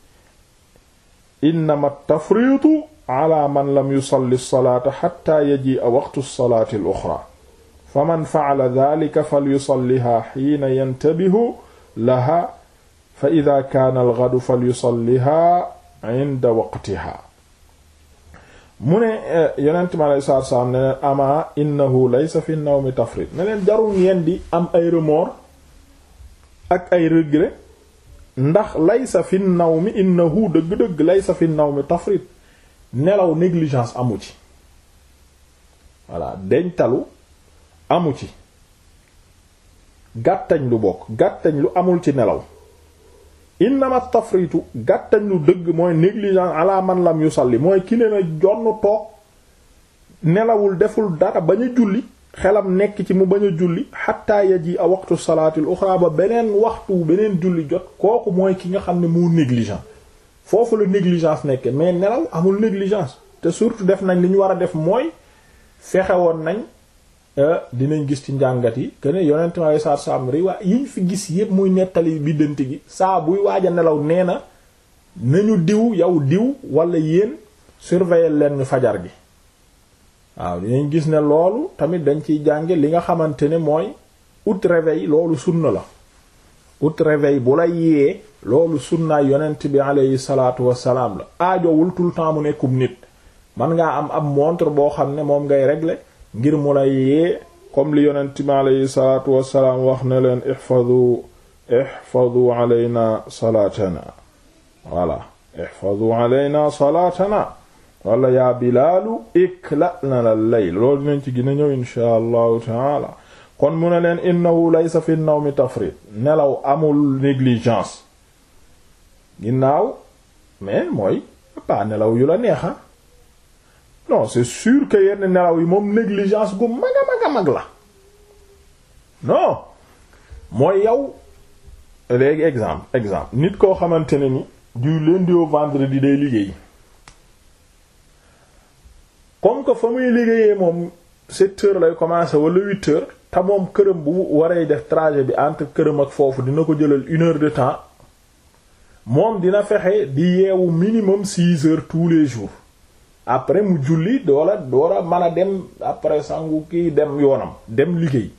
innama tafriitu ala man lam yusalli lsalaata xata yaji a waxtu lsalaati al oxra fa man faala dalika falyusalliha xiina yantabihu laha fa ida kaana algadu falyusalliha inda waqtiha mu ne eh, yonent mi alei saatu salaam ne leen ama innahu laysa fi nawmi tafrit ne leen jarul ngeen di am ay remords ak ay regret ndax lay laysa fi nawmi innahu dëgg-dëgg laysa fi mi tafrit nelaw négligence amu ci voilà deñtalu amu ci gàttañ lu bokk gàttañ lu amul ci nelaw innama tafritu gàttañ lu dëgg mooy négligence ala man lam yusalli mooy ki ne na jonn toog nelawul deful dara bañ a julli xelam nekk ci mu bañ a julli xatta yaji a waxtu salaatil uxra ba beneen waxtu beneen julli jot kooku mooy ki nga xam ne moo négligent foofu la négligence nekk mais nelaw amul négligence te surtout def nañ li ñu war a def mooy fexe woon nañ euh, dinañ gis ci njàngat yi que ne yonent mi alayhi salaatu salaam riwaa yiñ fi gis yépp muy nettali biddante gi saa buy waaj nelaw nee na nañu diw yow diw wala yéen surveiller leen ñu fajar gi waaw dinañ gis ne loolu tamit dañ ciy jànge li nga xamante ne mooy ut réveil loolu sunna la ut réveil bu la yee loolu sunnaay yonent bi aleyhi salaatu wasalaam la aajowul tout le temps mu nekkum nit man ngaa am ab montre boo xam ne moom ngay régler ngir mu la yee comme li yonent bi aleyhi salaatu wasalaam wax ne leen ihfadu ihfadu aleyna salaatana salaatana wala yaa bilaalu ikla na la lay loolu dinañ ci gën a ñëw inshaa allahu taala kon mu ne leen innahu sa fi mi tafrit nelaw amul négligence ginnaaw mais mooy pas nelaw yu la neexa ah. non c'est sûr que yenn nelaw yi moom négligence gu mag a mag a mag la non mooy yow léegi exemple exemple nit koo xamante ne ni du lundi au vendredi day liggéey fa muy liggéeyee moom secteur lay commencer wala huit heures te moom këram bu waree def trajet bi entre këram ak foofu dina ko jëlal une heure de temps moom dina fexe di yeewu minimum six heures tous les jours après mu julli doola doola mën a dem après sangu kii dem yoonam dem liggéey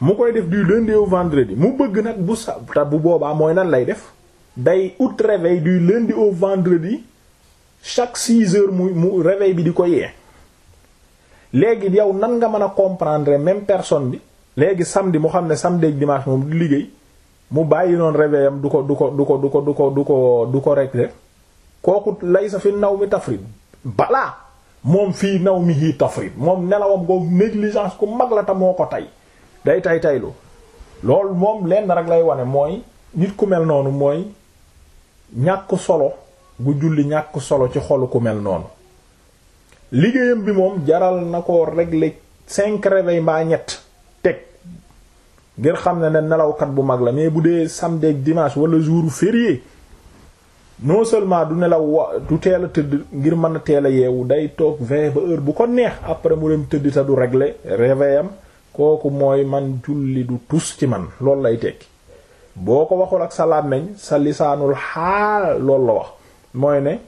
mu koy def du lundi au vendredi mu bëgg nag bu sa te bu boobaa mooy nan lay def day ut réveil du lundi au vendredi chaque six heures mu mu réveil bi di ko yee léegi yow nan nga mën a comprendre même personne bi léegi samedi mu xam ne samedi ak dimanche moom du liggéey mu bàyyi noonu réveil am du ko du ko du ko du ko du ko du ko du ko régler kooku lay sa fi naw mi tafrit balaa moom fii naw mi hii tafrit moom nelawam googu négligence ku mag la te moo ko tey day tay taylu loolu moom lenn rek lay wane mooy nit ku mel noonu mooy ñàkk solo gu julli ñàkk solo ci xolu ku mel noonu liggéeyam bi moom jaral na ko régler cinq réveil mbaa ñett teg ngir xam ne ne nelawkat bu mag la mais bu dee samedi ak dimanche wala jour férié non seulement du nelaw du teel a tëdd ngir mën a teel a yeewu day toog vingt ba heure bu ko neex après mu dem tëdd te du régler réveil am kooku mooy man julli du tus ci man loolu lay tekki boo ko waxul ak sa làmmiñ sa lisaanul xaal loolu la wax mooy ne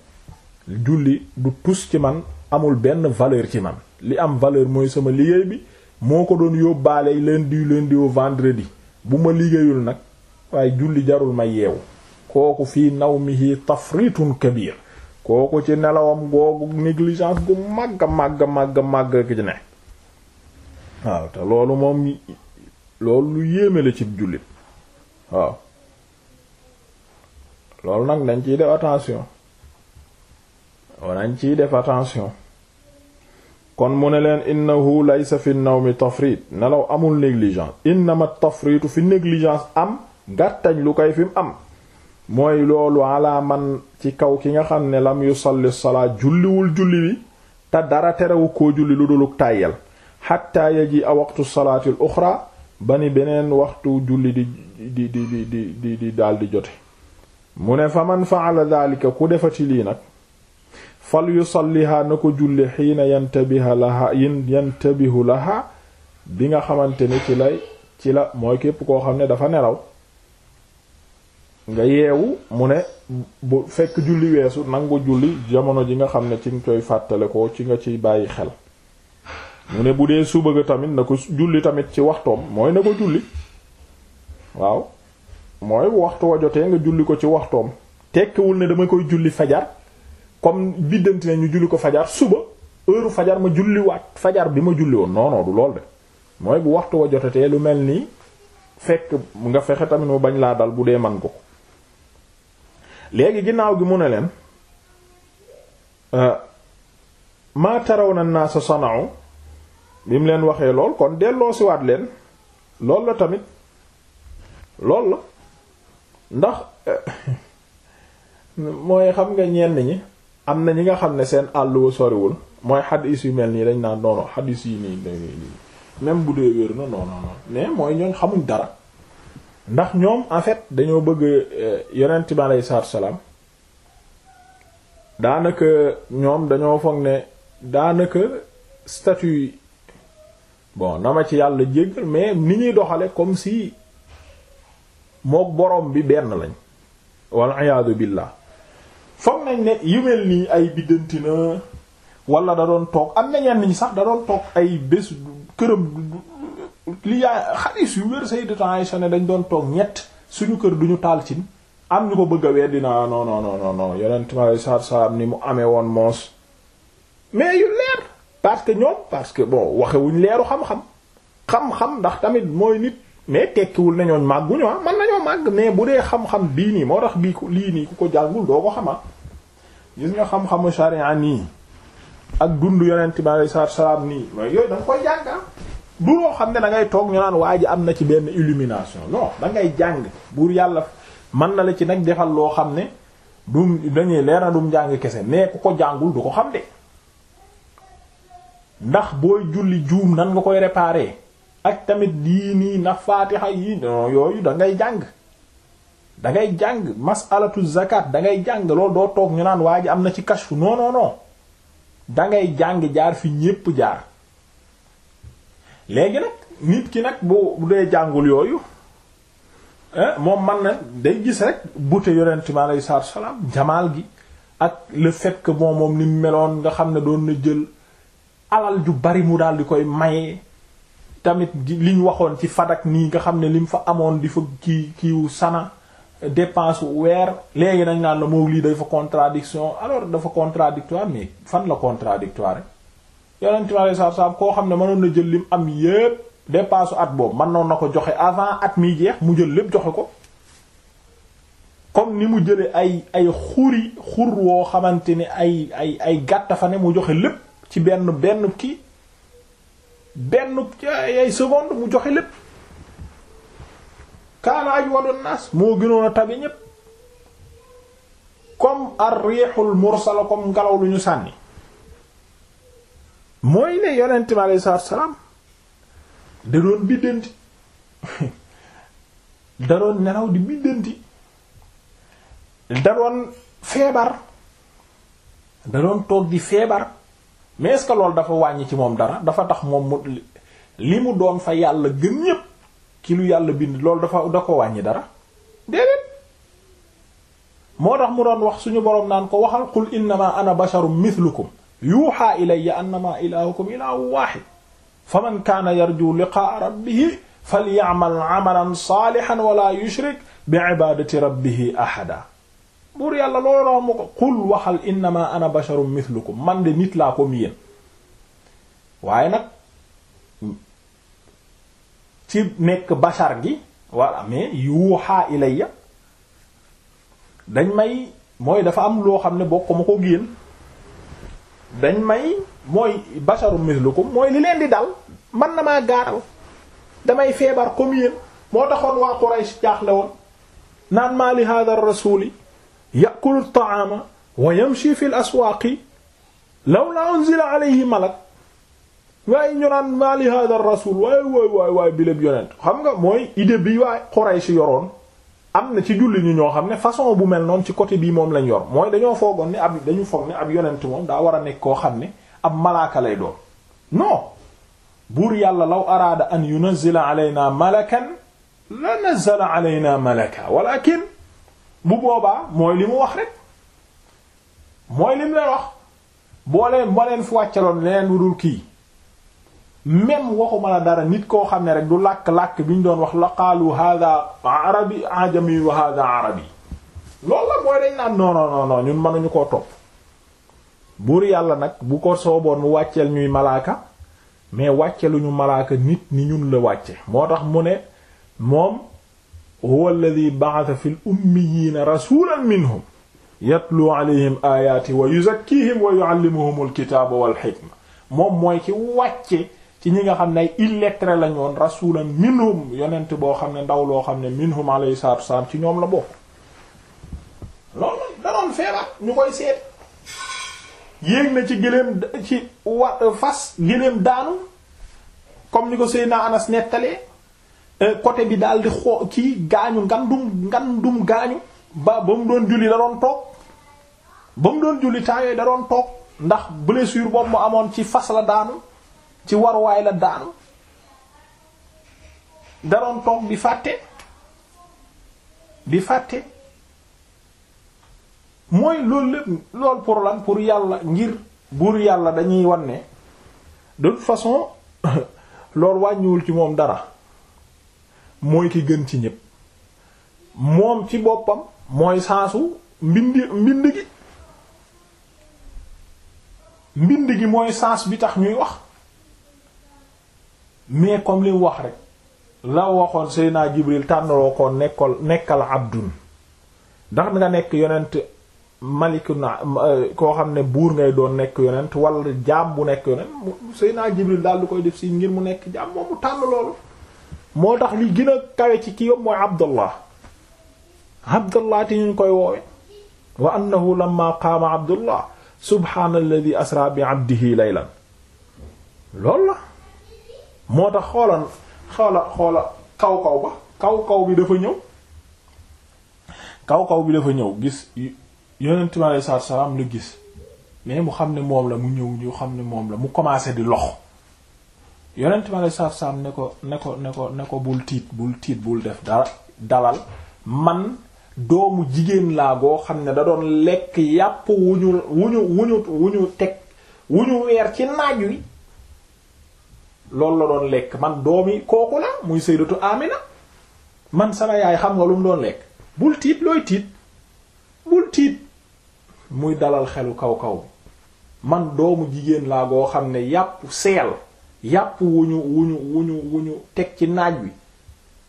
julli du tus ci man amul benn valeur ci man li am valeur mooy sama liggéey bi moo ko doon yóbbaale lundi lundi au vendredi bu ma liggéeyul nag waaye julli jarul ma yeewu kooku fii naw mihi tafritun kabir kooku ci nelawam googu négligence gu màgg màgg màgg màgg ci ne waaw te loolu moom loolu lu yéeme la ci jullit waaw loolu nag dañ ci def attention wanañ ciy def attention kon mu ne leen innahu laysa fi nawmi tafrit nelaw amul négligence ma tafritu fi négligence am gàttañ lu koy fi mu am mooy loolu ala man ci kaw ki nga xam ne lam yusalli salaa julliwul julli wi te dara terewu koo julli lu duluk tàyyel xatta yaji a waxtu salaatil uxra ba ni beneen waxtu julli di di di di di daal di jote mu ne fa man faala daalika ku defati lii nag fal yusalliha na ko julli xiina yantabiha laha yantabihu laha bi nga xamante ni ci lay ci la mooy képp koo xam ne dafa nelaw nga yeewu mu ne bu fekk julli weesu nangu julli jamono ji nga xam ne ci nga koy fàttale ko ci nga ciy bàyyi xel mu ne bu dee suba ga tamit na ko julli tamit ci waxtoom mooy na ko julli waaw mooy waxtu wa jotee nga julli ko ci waxtoom tekkiwul ne dama koy julli fajar comme biddanti ne ñu julli ko fajar suba heure fajar ma julliwaat fajar bi ma julli woon non lool de mooy bu waxtu wa jotatee lu mel nii fekk nga fexe tamit mu bañ laa dal bu dee man ko léegi ginnaaw gi mu ne leen euh, maa taraw na naa sa sanaaw bi mu leen waxee lool kon delloo siwaat leen lool la tamit lool la ndax euh, mooy xam nga ñenn ñi am na ñi nga xam ne seen àll wa soriwul mooy xadis yu mel nii dañ naan non non xadis yi nii nii même bu dee wér na non non mais mooy ñooñ xamuñ dara ndax ñoom en fait dañoo bëgg eh, yonent bi aleyhi salaatu salaam daanaka ñoom dañoo foog ne daanaka statu bon na ma ci yàlla jéggal mais ni ñuy doxale comme si mook borom bi benn lañ wala iyaadu billah foog nañ ne yu mel nii ay biddanti na wala da doon toog am na ñenn ñi sax da doon toog ay bés këram li yaa xalis yu wér Sayyidatu Aisha ne dañ doon toog ñett suñu kër duñu taal cin am ñu ko bëgg a dinaa dina non non non non yonent saar saar ni mu amee woon moos mais yu leer parce que ñoom parce que bon waxewuñ leeru xam-xam xam-xam ndax tamit mooy nit mais tekkiwul nañooñ màgguñu ah dañoo màgg mais bu dee xam-xam bii nii moo tax bii ku lii nii ku ko jàngul doo ko xama gis xam nii ak dund yonent bi alayhi salaatu nii mooy ah. du loo xam ne da ngay toog ñu naan waa ji am na ci benn illumination non da ngay jàng buur yàlla man na la ci nag defal loo xam ne du dañuy leer na dum jàng kese mais ku ko jàngul du ko xam de ndax booy julli juum nan nga koy réparer ak tamit yii nii na faatixa yi non yooyu dangay jàng dangay jàng masalatu zakat da ngay jàng loolu doo toog ñu naan waa ji am na ci kashfu non non dangay jàng jaar fi ñépp jaar léegi nag nit ki nag bu dee jàngul yooyu eh, moom man na day gis rek bute yonent mi aleyhi salaatu moom ni meloon nga ne doon na jël alal ju bari mu daal di koy maye tamit liñ waxoon ci Fadak nii nga xam ne li mu fa amoon di fa kii kiiwu sana euh, dépense wu weer léegi nañ naan la moom lii fa contradiction alors dafa contradictoire mais fan la contradictoire yonent mi alei koo xam ne mënoon na jël lim am yépp dépense at boobu mënoon na ko joxe avant at mi jeex mu jël lépp joxe ko comme ni mu jële ay ay xuri xur woo xamante ni ay ay ay gàtta fa ne mu joxe lépp ci benn benn kii benn ay seconde mu joxe lépp kaana ajwadun naas moo gënoon a tabi ñépp comme ar-rihul mursala comme ngelaw lu ñu sànni mooy ne yonent bi alayhi salaatu salaam da doon biddanti da doon nelaw di biddanti da doon feebar da doon toog di feebar mais est-ce que loolu dafa wàññi ci moom dara dafa tax moom mu li mu doon fa yàlla gën ñépp ki lu yàlla bind loolu dafa da ko wàññi dara déedéet moo tax mu doon wax suñu boroom naan ko waxal qul innama ana basharum mithlukum yuuhaa ilayya annama ilahukum ilahu wahid faman kaana yarju liqaa rabbihi falya'mal 'amalan salihan wala yushrik bi'ibadati rabbihi ahada buur yàlla loolu wax mu ko qul waxal innama ana basharum mithlukum man de nit laa comme yéen waaye nag ci nekk bashar gi voilà mais yuuxaa ilayya dañ may mooy dafa am loo xam ne bokk ma ko génn dañ may mooy basharum mithlukum mooy li leen di dal man na maa gaaral damay feebar comme yéen moo taxoon waa Quraysh jaaxle woon naan maa li hadha rasuli ya'kulu at-ta'ama wa yamshi fil aswaaqi lawlaa unzila alayhi malak waaye ñu naan maa li hada ar-rasul waay waay waay waay bileb yonent xam nga mooy idée bi waa Quraysh yoroon am na ci julli ñu ñoo xam ne façon bu mel noon ci côté bii moom lañ yor mooy ñoo foogoon ni ab dañu foog ne ab yonent moom daa war a nekk koo xam ne ab malaaka lay doon non buur yàlla law araada an yunazzila alaynaa malakan malaka walakin bu boobaa mooy li mu wax rek mooy li mu leen wax boo leen boo leen fi wàccaloon leen wudul kii même waxuma la dara nit koo xam ne rek du làkk-làkk bi ñu doon wax la qaalu hada arabi ajami wa hada arabi loolu la mooy dañ naan non non ñun mënuñu koo topp buur yàlla nag bu ko sooboon mu wàcceel ñuy malaaka mais wàcceluñu malaaka nit ni ñun la wàcce moo tax mu ne moom huwa alladhi ba'atha fil ummiyyiina rasuulan minhum yatluu alayhim aayaati wa yuzakkiihim wa yu'allimuhumul kitaaba wal hikma moom mooy ki wàcce ci ñi nga xam ne ay illettré lañoon rasuulan minhum yonent boo xam ne ndaw loo xam ne minhum alayhi salaatu wassalaam ci ñoom la bokk loolu da doon feebar ñu koy seet yéeg na ci gëléem ci wa fas gëléem daanu comme ni ko Seydina Anas nettalee Euh, côté bi daal di xoo kii gaañu ngandum ngandum gaañu ba ba mu doon julli da doon toog ba mu doon julli temps da doon toog ndax blessure boobu mu amoon ci fas la daanu ci waruwaay la daanu da doon toog di fàtte bi fàtte mooy loolu lépp loolu pour lan pour yàlla ngir buur yàlla dañuy wan ne de toute façon loolu wàññiwul ci moom dara mooy ki gën ci ñépp moom ci boppam mooy saasu mbind mbind gi mooy saas bi tax ñuy wax mais comme li wax rek la waxoon Seydina Jibril tànnaloo ko nekkal nekkal abdun ndax nga nekk yonent maliku na koo xam ne buur ngay doon nekk yonent wala jaam bu nekk yonent naa Jibril daal du koy def si ngir mu nekk jaam moom mu tànn loolu moo tax li gën a kawe ci ki yom mooy abdullah abdullah te ñu koy woowe wa annahu lamma qaama abdullah subhaana alladi asra bi abdihi laylan loolu la moo tax xoola xoola xoola kaw kaw ba kaw kaw bi dafa ñëw kaw kaw bi dafa ñëw gis yonent mi alayhi salaam la gis mais mu xam ne moom la mu ñëw ñu xam ne moom la mu commencé di lox yonent ma lay saaf-saam ne ko ne ko ne ko ne ko bul tiit bul tiit bul def dara dalal man doomu jigéen laa goo xam ne da doon lekk yàpp wu ñu wu ñu wu ñu wu ñu teg wu ñu weer ci naaj wi loolu la doon lekk man doomi kooku la muy sayyidatu Amina man sama yaay xam nga lu mu doon lekk bul tiit looy tiit bul tiit muy dalal xelu kaw kaw man doomu jigéen laa goo xam ne yàpp seel yàpp wu ñu wu ñu wu ñu wu ñu teg ci naaj wi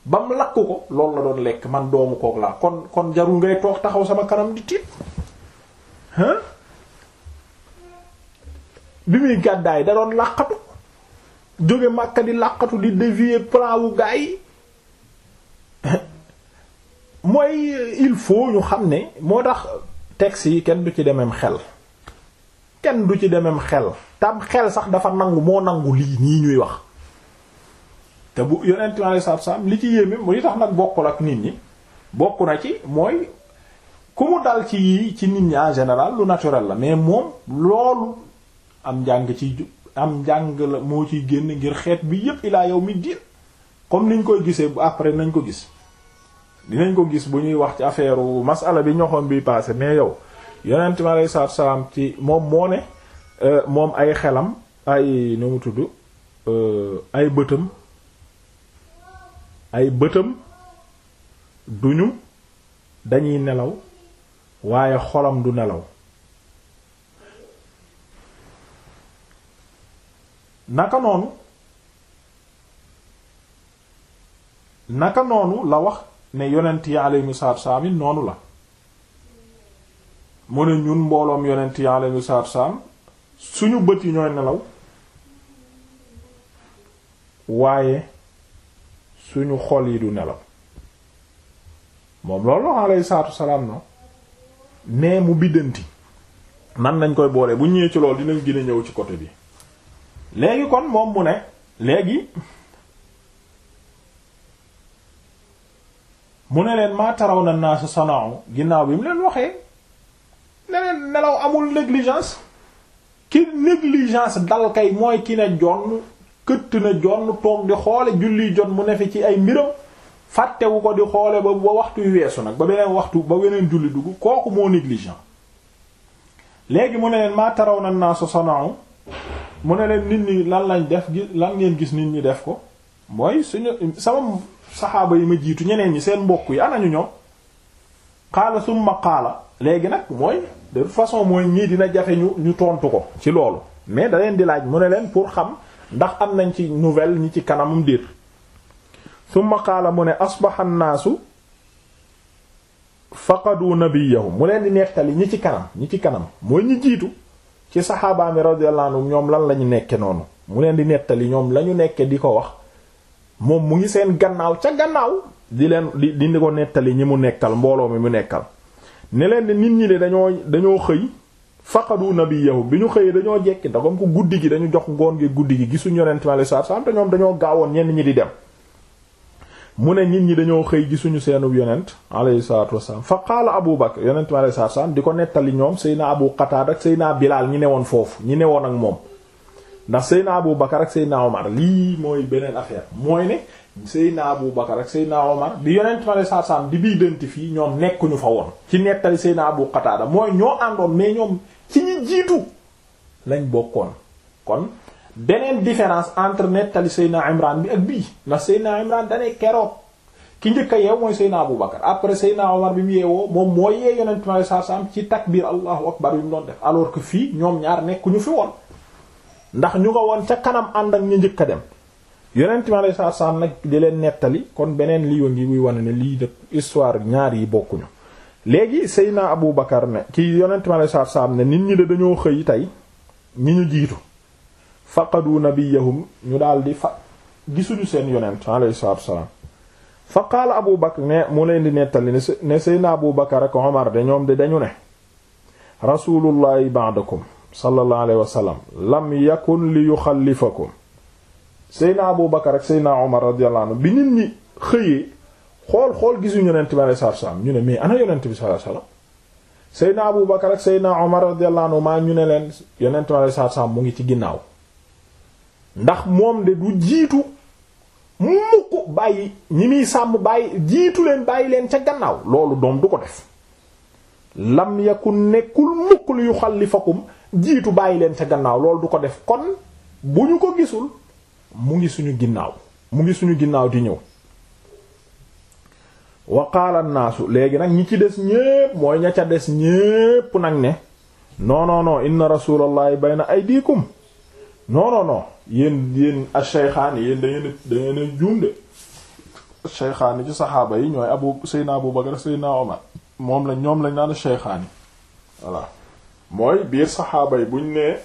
ba mu lakk ko loolu la doon lekk man doomu kook laa kon kon jarul ngay toog taxaw sama kanam di tiit bi muy gàddaay da doon làqatu jóge Makka di làqatu di dévier plan wu gaa yi mooy il faut ñu xam ne moo tax texte yi kenn du ci demem xel kenn du ci demeem xel tam xel sax dafa nangu moo nangu lii nii ñuy wax te bu yonent alayhi salaatu salaam li ci yéeme mu li tax nag bokkul ak nit ñi bokku na ci mooy ku mu dal ci yii ci nit ñi en général lu naturel la mais moom loolu am njàng ci am njàng la moo ciy génn ngir xeet bi yépp ilaa yow mi diir comme niñ koy gisee bu après nañ ko gis dinañ ko gis bu ñuy wax ci affaire masala bi ñoxoom bi passé mais yow yonent mi aleyhi salaatu salaam ci moom moo ne euh, moom ay xelam ay nu tudd euh, ay bëtam ay bëtam duñu dañuy nelaw waaye xolam du nelaw naka noonu naka noonu la wax ne yonent yi aleyhimu salaatu salaam noonu la mu ne ñun mbooloom yonent yaa leen saar saam suñu bët yi ñooy nelaw waaye suñu xol yi du nelaw moom loolu alayhi salaatu salaam no mais mu biddanti nan nañ koy boole bu ñëwee ci loolu dinañ gën ñëw ci côté bi léegi kon moom mu ne léegi mu ne leen maa na naa sa sanaaw ginnaaw bi mu leen waxee neneen nelaw amul négligence ki négligence dalkay mooy ki ne jonn këtt na jonn toog di xoole julli jot mu ne fi ci ay mbiram fàttewu ko di xoole ba ba weesu nag ba beneen waxtu ba weneen julli dugg kooku moo négligent léegi mu ne leen maa taraw na naa so mu ne leen nit ñi lan lañ def gi lan ngeen gis nit ñi def ko mooy suñu sama saxaaba yi ma jiitu ñeneen ñi seen mbokk yi anañu ñoom xaala summa xaala léegi nag mooy de façon mooy ñii dina jafe ñu tontu ko ci loolu mais daleen di laaj mu ne leen pour xam ndax am nañ ci nouvelle ñi ci kanam déet summa qaala mu ne asbaha nnaasu faqadu nabiyahum mu leen di nettali ñi ci kanam ñi ci kanam mooy ñi jiitu ci saxaabaa mi radiyallahu anhum ñoom lan la ñu nekke noonu mu leen di nettali ñoom lañu ñu nekke di ko wax moom mu ngi seen gannaaw ca gannaaw di leen di di ko nettali ñi mu nekkal mbooloo mi mu nekkal ne leen ne nit ñi de dañoo dañoo xëy faqadu nabiyahu bi ñu xëyee dañoo jekki da comme ko guddi gi dañu jox ngoon gi guddi gi gisuñu yonent mi alayhi salaam te ñoom dañoo gaawoon ñenn ñi di dem mu ne nit ñi dañoo xëy gisuñu seenub yonent alayhi salaatu wasalaam fa qaala Abu Bakr yonent mi alayhi salaam di ko nettali ñoom Seyna Abu Qatada ak Seyna Bilal ñi newoon foofu ñi woon ak moom ndax Seyna Abu Bakr ak Seyna Omar lii mooy beneen affaire mooy ne Seydina Abu Bakar ak Seydina Omar bi yonent ma lay sarsam di bi fii ñoom nekkuñu fa woon ci nettali Seydina Abu Qatada mooy ñoo àndoon mais ñoom ci ñi jiitu lañ bokkoon kon beneen différence entre nettali Seydina Imran bi ak bii ndax Seydina Imran danee keroog ki njëkk a yeew mooy Seydina Abu Bakar après Seydina Omar bi mu yeewoo moom moo yee yonent ma sarsam ci takbir Allahu akbar bi mu doon def alors que fii ñoom ñaar nekkuñu fi woon ndax ñu nga ànd ak ñu njëkk a dem yonent mi alayhi salaatu salaam nag di leen nettali kon beneen lii wa ngi buy wane ne lii def histoire ñaar yi bokkuñu léegi Seydina Abu Bakar ne ki yonent mi alayhi salaatu salaam ne nit ñi de dañoo xëy tey ñi ñu jiitu faqadu nabiyahum ñu daal di fa gisuñu seen yonent alayhi salaatu salaam fa qaala Abu Bakar ne mu leen di nettali ne Seydina Abu Bakar ak Omar de ñoom de dañu ne rasulullahi ba'dakum sallallahu alayhi wa sallam lam yakun li yuxallifakum Seyna Abu Bakar ak Seyna Omar radiyallahu anhu bi nit ñi xëyee xool xool gisuñu yonent bi alayhi salaam ñu ne mais ana yonent bi sallallahu alayhi wasallam Seyna Abu Bakar ak Seyna Omar radiyallahu anhu maa ñu ne leen yonent bi alayhi salaam mu ngi ci ginnaaw ndax moom de du jiitu mukk bàyyi ñi muy sàmm bàyyi jiitu leen bàyyi leen ca gannaaw loolu doom du ko def lam yakun nekkul mukk lu yuxallifakum jiitu bàyyi leen ca gannaaw loolu du ko def kon bu ñu ko gisul mu ngi suñu ginnaaw mu ngi suñu ginnaaw di ñëw waqaala léegi nag ñi ci des ñépp mooy ña ca des ñépp nag ne non non non inna rasulallahi bayna aydikum non non non yéen yéen ash-shaykhaan yéen dangeen dangeen a juumde ci saxaaba yi ñooy abu seyna abu bakar seyna omar moom lañ ñoom lañ naan shaykhaan yi voilà mooy biir saxaaba yi buñ ne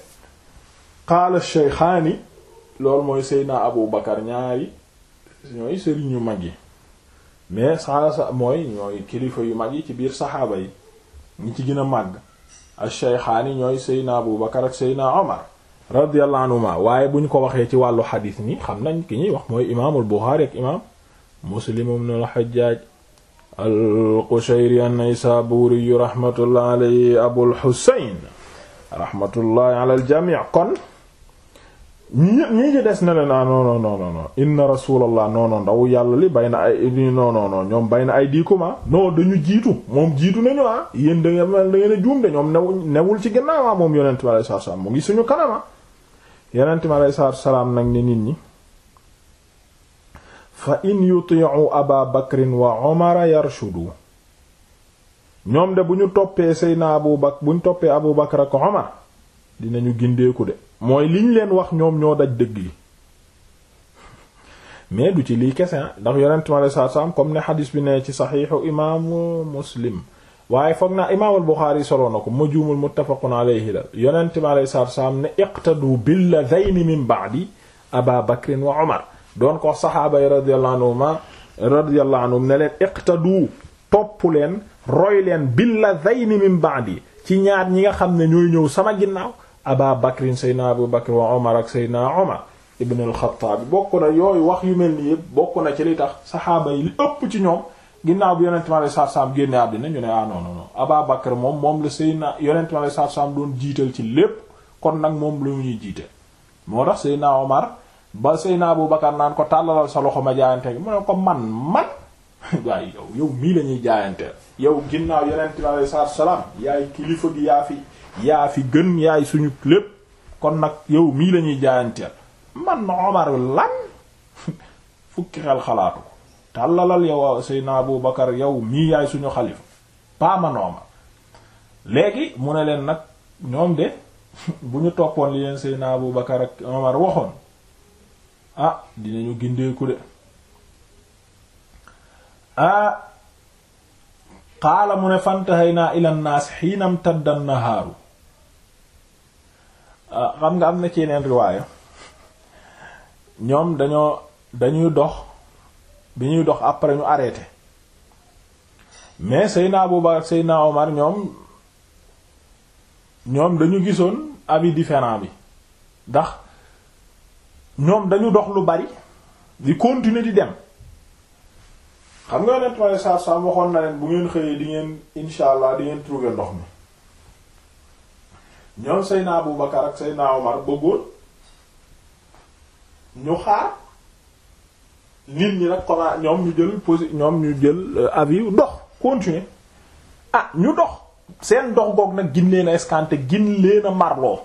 qaala shaykhaani loolu mooy Seydina Abu Bakar ñaari ñooy sëriñ yu mag yi mais saa sa mooy ñooy kilifa yu mag yi ci biir saxaaba yi ñi ci gën a màgg ash-shaykhaani ñooy Seydina Abu Bakar ak Seydina Omar waaye bu ñu ko waxee ci wàllu xadiis ni xam nañ ki ñuy wax mooy imaamul Buxaari ak imaam Muslim ibn al-Hajjaj al-Qushayri an-Naysaburi rahmatullah alayhi Abul Husayn rahmatullah ala al-jami' kon ñi ci des na leen ah non non inna rasulallah non non yàlla li bay na ay non non ñoom bay na ay diikuma ah. non dañu jiitu moom jiitu nañu ah yéen da ngeen juum de ñoom newul ci ginnaaw ah, moom yonent bi alayhi salaam mu ngi suñu kanama ah. yonent bi alayhi salaam nag ne nit ñi. fa in yuti'u aba bakrin wa omara yarshudu ñoom de bu ñu toppee Seydina Abu Bakr bu ñu toppee Abu Bakr ak Omar dinañu gindeeku de. mooy liñ leen wax ñoom ñoo daj dëgg yi mais du ci lii kese ah. ndax yonent mi comme ne xadis bi ne ci saxiixu imaamu muslim waaye foog naa imaam al-Buxaari soroon na ko ma juumul muttafaqun alayhi la yonent mi alayhi salaam ne iqtadu billadayni min ba'di Abaa Bakrin wa Umar doon ko saxaaba yi radiyallahu ne leen iqtadu topp leen roy leen billadayni min ba'di ci ñaar ñi nga xam ne ñooy ñëw sama ginnaaw Aba Bakrin Seydina Abu Bakr wa Omar ak Seydina Omar ibn al-Khattab bokk na yooyu wax yu mel ni yëpp bokk na ci li tax saxaaba yi li ëpp ci ñoom ginnaaw bi yonent mi alayhi salaatu salaam génne àddina ñu ne ah non non non Aba Bakr moom moom la Seydina yonent mi alayhi salaatu salaam doon jiital ci lépp kon nag moom lu ñuy jiite. moo tax Seydina Omar ba Seydina Abu Bakr naan ko tàllalal sa loxo ma jaayante mu ne ko man man waaye yow yow mii la ñuy jaayanteel yow ginnaaw yonent mi alayhi salaatu salaam yaay kilifa gi yaa fi. yaa fi gën yaay suñu lépp kon nag yow mii lañuy ñuy jaayanteel man Omar lan fukki xel xalaatu ko tàllalal yow Seydina Abu Bakar yow mii yaay suñu xalifa paa man léegi mu ne leen nag ñoom de bu ñu toppoon li leen Seydina Abu Bakar ak Omar waxoon ah dinañu gindeeku de ah qaala mu ne fantahaynaa ilan naas xiinam taddan nahaaru Ah, xam nga am na ci yeneen riwaaya ñoom dañoo dañuy dox bi ñuy dox après ñu arrêté mais Seydina Abu Bakar Seydina Omar ñoom ñoom dañu gisoon avis différent bi ndax ñoom dañu dox lu bari di continuer di dem xam nga ne trois cent waxoon na leen bu ngeen xëyee di ngeen incha allah di ngeen trouver ndox mi. ñoom Seydina Abu Bakar ak Seydina Omar bëggoon ñu xaar nit ñi nag comment ñoom ñu jël posi ñoom ñu jël euh, avis dox continuer ah ñu dox seen dox goog nag gin leen a escanté gin leen a marloo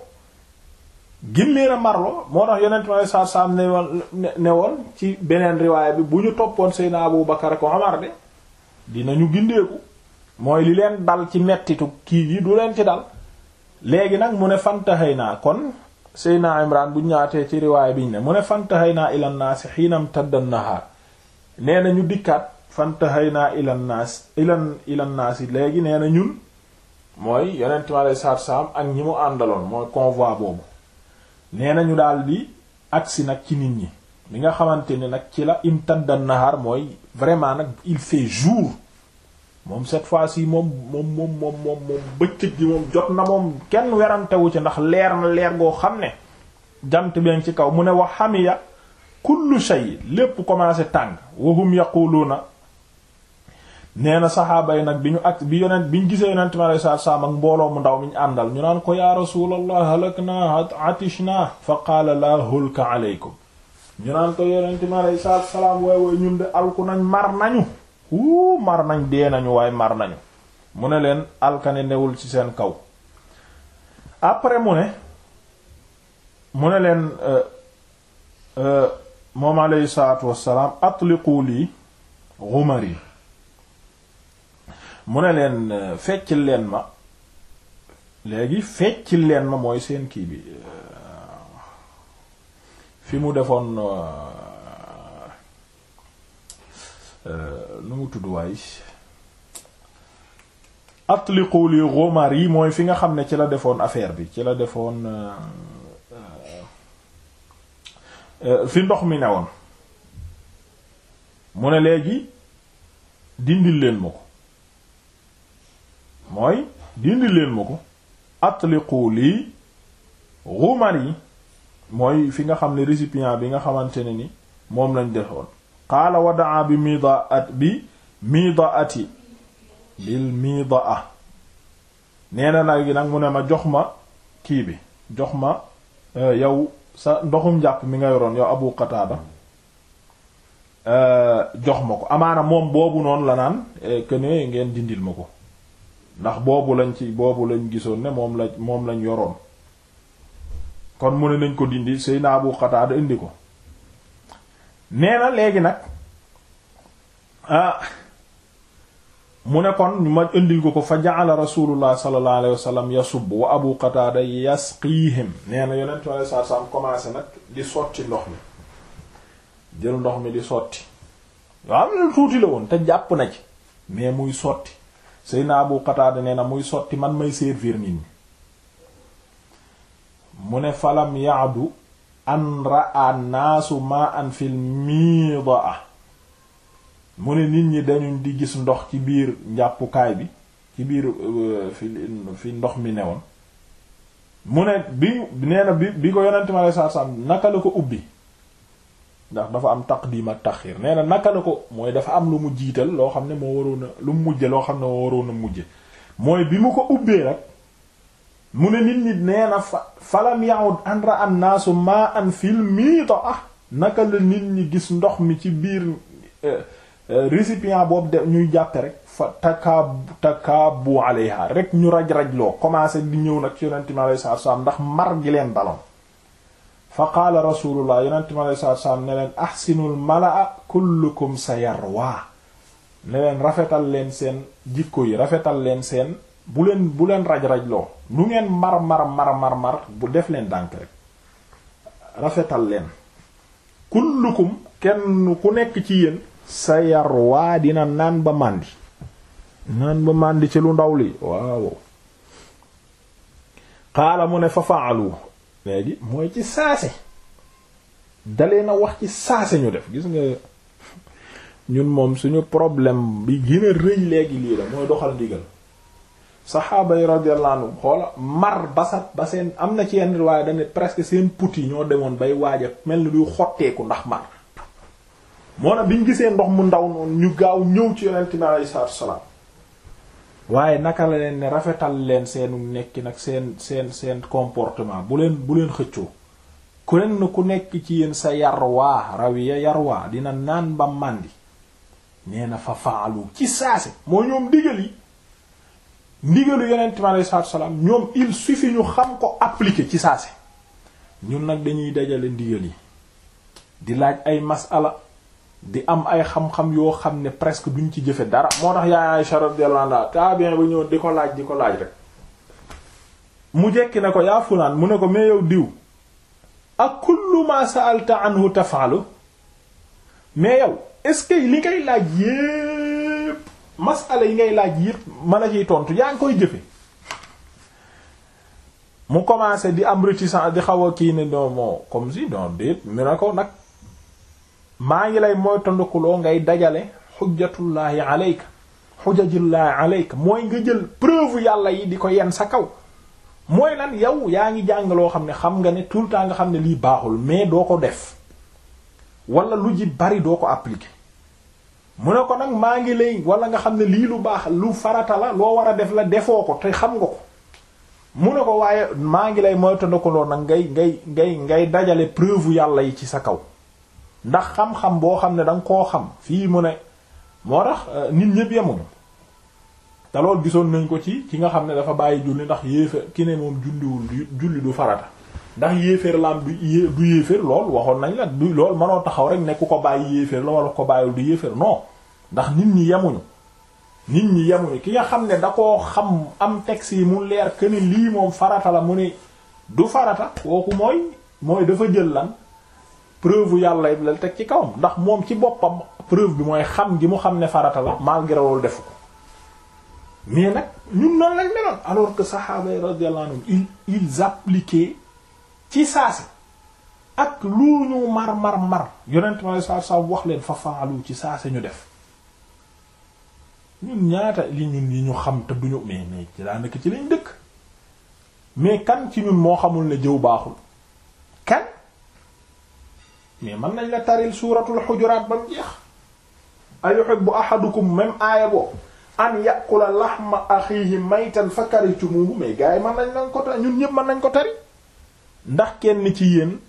gin leen marloo moo tax yonent ma sa sam ne woon ne woon ci beneen riwaay bi bu ñu toppoon Seydina Abu Bakar ak Omar de dinañu gindeeku mooy li leen dal ci mettitu kii yi du leen ci dal léegi nag mu ne fantaxay naa kon Seydina Imran bu ñaatee ci riwaay biñ ne mu ne fantaxay naa ilan naas xiinam tadda nahaar nee na ñu dikkaat fantaxay naa ilan naas ilan ilan léegi nee na ñun mooy yonent mi alei saatu salaam ak ñi mu àndaloon mooy convoi boobu nee na ñu daal di agsi nag ci nit ñi li nga xamante ni nag ci la im tadda mooy vraiment nag il fait jour moom set fois-ci moom moom moom moom moom moom bëccëg gi moom jot na moom kenn werantewu ci ndax leer na leer goo xam ne jant bi ci kaw mu ne wax xamiya kullu shay lépp commencé tàng wahum yaquluuna nee na saxaaba yi nag bi ñu ak bi yonent bi ñu gisee yonent mi alayhi salaatu salaam ak mbooloo mu ndaw mi ñu àndal ñu naan ko yaa rasulallah halakna atishna fa qaala laa hulka aleykum ñu naan ko yonent mi alayhi salaam waay waay ñun de alku mar nañu wuu mar nañ dee nañu waaye mar nañu mu ne leen alkane newul ci seen kaw après mu ne mu ne leen euh, euh, moom aleyhi salaatu wassalaam atliqu lii xumar yi mu ne leen euh, feccil leen ma léegi feccil leen ma mooy seen kii bi fi mu defoon Euh, nu mu tudd waaye atliqu li romar yi mooy fi nga xam ne ci la defoon affaire bi ci la defoon euh, euh, fi ndox mi newoon mu ne léegi dindil leen ma ko mooy dindil leen ma ko atliqu li romar yi mooy fi nga xam ne récipient bi nga xamante ne ni moom lañ defoon qaala wadaa bi midaat bi midaati bil midaa nee na nag gi nag mu ne ma jox ma kii bi jox ma euh, yow sa ndoxum njàpp mi nga yoroon yow Abu Qataada euh, jox ma ko amaana moom boobu noonu la naan euh, que ngeen dindil ma ko ndax boobu lañ ci boobu lañ gisoon ne moom la moom lañ yoroon kon mu ne lañ ko dindi Seydina Abu Qataada indi ko nee na léegi nag ah mu ne kon ñu ma indil ko ko fa ja'ala rasulullah sallallahu alayhi wasallam yasub wa abu qatada yasqihim nee na yonent bi alayhi salaam commencé nag di sotti ndox mi jël ndox mi di sotti waaw am na tuuti la woon te jàpp na ci mais muy sotti Seydina Abu Qatada nee na muy sotti man may servir nit ñi mu ne falam yaadu an ra'a naasu ma an fil miidaa mu ne nit ñi dañu di gis ndox ci biir njàppukaay bi ci biir euh, fi fi ndox mi newoon mu ne bi nee bi bi ko yonente mi aleye satu salaam naka la ko ubbi ndax dafa am taqdim ak taxir nee na naka la ko mooy dafa am lu mu jiital loo xam ne moo waroon a lu mu mujje loo xam ne moo waroon a mujje mooy bi mu ko ubbee rek mu ne nit ñi nee na fa falam yaud an ra an naasu ma an fil miito ah, naka la nit ñi gis ndox mi ci biir eh, eh, récipient boobu de ñuy jàppe rek fa taka takaabu alayha rek ñu raj-raj loo commencé di ñëw nag ci yonente mi alei ndax mar gi leen daloon fa qaala rasulullah yonente mi alei satu salaam ne leen ahsinul malaa kullukum sayarwa ne leen rafetal leen seen jikko yi rafetal leen seen bu leen bu leen raj-raj loo nu ngeen mar mar mar mar mar bu def leen dànk rek rafetal leen kullukum kenn ku nekk ci yéen sa yar waa dina naan ba màndi naan ba màndi ci lu ndaw li waaw xaala ne fa faalu léegi mooy ci saase dalee na wax ci saase ñu def gis nga ñun moom suñu problème bi gën a rëy léegi lii la mooy doxal ndigal saxaaba yi radiyallahu anhu xoola mar basat ba seen am na ci yenn riwaaya dañ presque seen put yi ñoo demoon bay waaja mel na luy xotteeku ndax mar moo na biñ gisee ndox mu ndaw noonu ñu gaaw ñëw ci yonent bi alayhi salaatu wassalaam waaye naka la leen ne rafetal leen seenu nekki nag seen seen seen comportement bu leen bu leen xëccoo ku leen ku nekk ci yéen sa yarwaa rawiya yarwaa dina naan ba màndi nee na fa faalu ci saase moo ñoom digal yi ndigalu yonent mi alayhi salaatu wa salaam ñoom il suffit ñu xam ko appliquer ci saase ñun nag dañuy dajale ndigal yi di laaj ay masala di am ay xam-xam yoo xam ne presque duñ ci jëfe dara moo tax yaa Aysha radiyallahu anha tabi'in ba ñëw di ko laaj di ko laaj rek mu jekki ne ko yaa fulaan mu ne ko mais yow diw ak kullu ma sa'alta anhu taf'alu mais yow est-ce li ngay laaj yépp masala yi ngay laaj yëpp mën a ciy tontu yaa ngi koy jëfe mu commencé di am réticent di xaw a kii ne non moo comme si non déet mu ne ko nag maa ngi lay mooy tondukuloo ngay dajale xujjatullaahi aleyka xujjatullaahi aleyka mooy nga jël preuve yàlla yi di ko yenn sa kaw mooy lan yow yaa ngi jàng loo xam ne xam nga ne tout le temps nga xam ne lii baaxul mais doo ko def wala lu ji bari doo ko appliquer mu ne ko nag maa ngi lay wala nga xam ne lii lu baax lu farata la loo war a def la defoo ko te xam nga ko mu ne ko waaye maa ngi lay moytandikuloo nag ngay ngay ngay ngay dajale preuve yàlla yi ci sa kaw ndax xam-xam boo xam ne danga koo xam fii mu ne moo tax euh, nit ñépp yemuñu te gisoon nañ ko ci ki nga xam ne dafa bàyyi julli ndax yéefa ki ne moom julliwul julli du farata ndax yéeféer laam du yé du yéeféer lool waxoon nañ la du lool manoo taxaw rek ne ko bàyyi yéeféer la wala ko bàyyul du yéeféer non ndax nit ñi yemuñu nit ñi yemuñu ki nga xam ne da koo xam am texte yi mu leer que ni lii moom farata la mu ne du farata kooku mooy mooy dafa jël lan preuve yàlla la teg ci kaw ndax moom ci boppam preuve bi mooy xam gi mu xam ne farata la malgré loolu defu ko mais nag ñun lañ meloon alors que sahaaba yi radiyallahu anhum ils ils ci saasi ak lu ñu mar mar mar yonent ma saa saa wax leen fa faalu ci saasi ñu def ñun ñaata li ñun yi ñu xam te duñu mais mais ci daanaka ci lañ dëkk mais kan ci ñun moo xamul ne jëw baaxul kan mais mën nañ la taril suuratul xujuraat ba mu jeex ayuhibbu ahadukum même aaya boobu an yàqula laxma axiihi maytan fa karihtumuuhu mais gars yi mën nañ lañ ko tari ñun ñëpp mën nañ ko tari ndax kenn ci yéen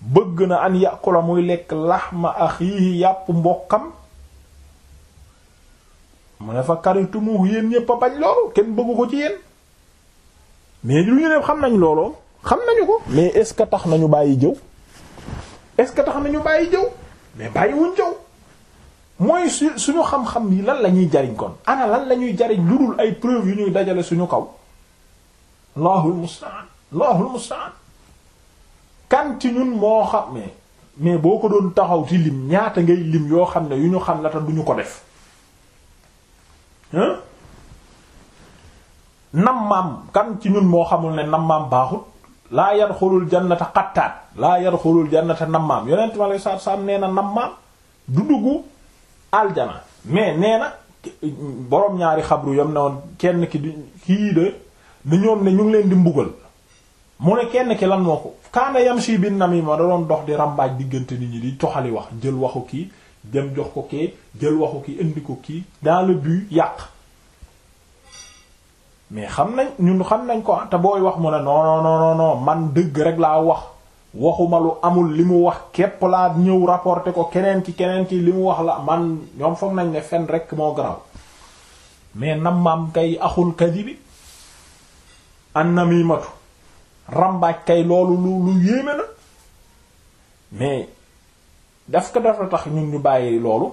bëgg na an yàqula muy lekk laxma axiihi yàpp mbokkam mu ne fa karitumu yéen ñépp a bañ loolu kenn bëggu ko ci yéen mais lu ñu def xam nañ looloo xam nañu ko mais est-ce que tax nañu bàyyi jëw est-ce que tax nañu bàyyi jëw mais bàyyiwuñ jëw mooy su suñu xam-xam yi lan la ñuy jariñ kon ana lan la ñuy jariñ lu dul ay preuve yu ñuy dajale suñu kaw allahul musta'an allahul musta'an kan ci ñun moo xam mais mais boo ko doon taxaw ci lim ñaata ngay lim yoo xam ne yu ñu xam nata duñu ko def hein nammaam kan ci ñun moo xamul ne nammaam baaxut laa yar xorul jannata xattaat laa yar xorul jannata nammaam yonent ma lay saab saab nee na nammaam du duggu aljana mais nee na boroom ñaari xabru yam ne woon kenn ki di kii de ñoom ne ñu ngi leen di mbugal mu ne kenn ki lan moo ko kaana yamshi bin namima da doon dox di rambaaj diggante nit ñi di toxali wax jël waxu kii dem jox ko kee jël waxu kii indi ko kii dans le yàq mais xam nañ ñun xam nañ ko te booy wax mu ne non non man dëgg rek laa wax waxuma lu amul li mu wax képp laa ñëw rapporter ko keneen ki keneen kii li mu wax la man ñoom foog nañ ne fen rek moo garaw mais namaam maam kay axul kadi bi an rambaaj kay loolu lu lu yéeme na mais daf ko dafa tax ñun ñu bàyyi loolu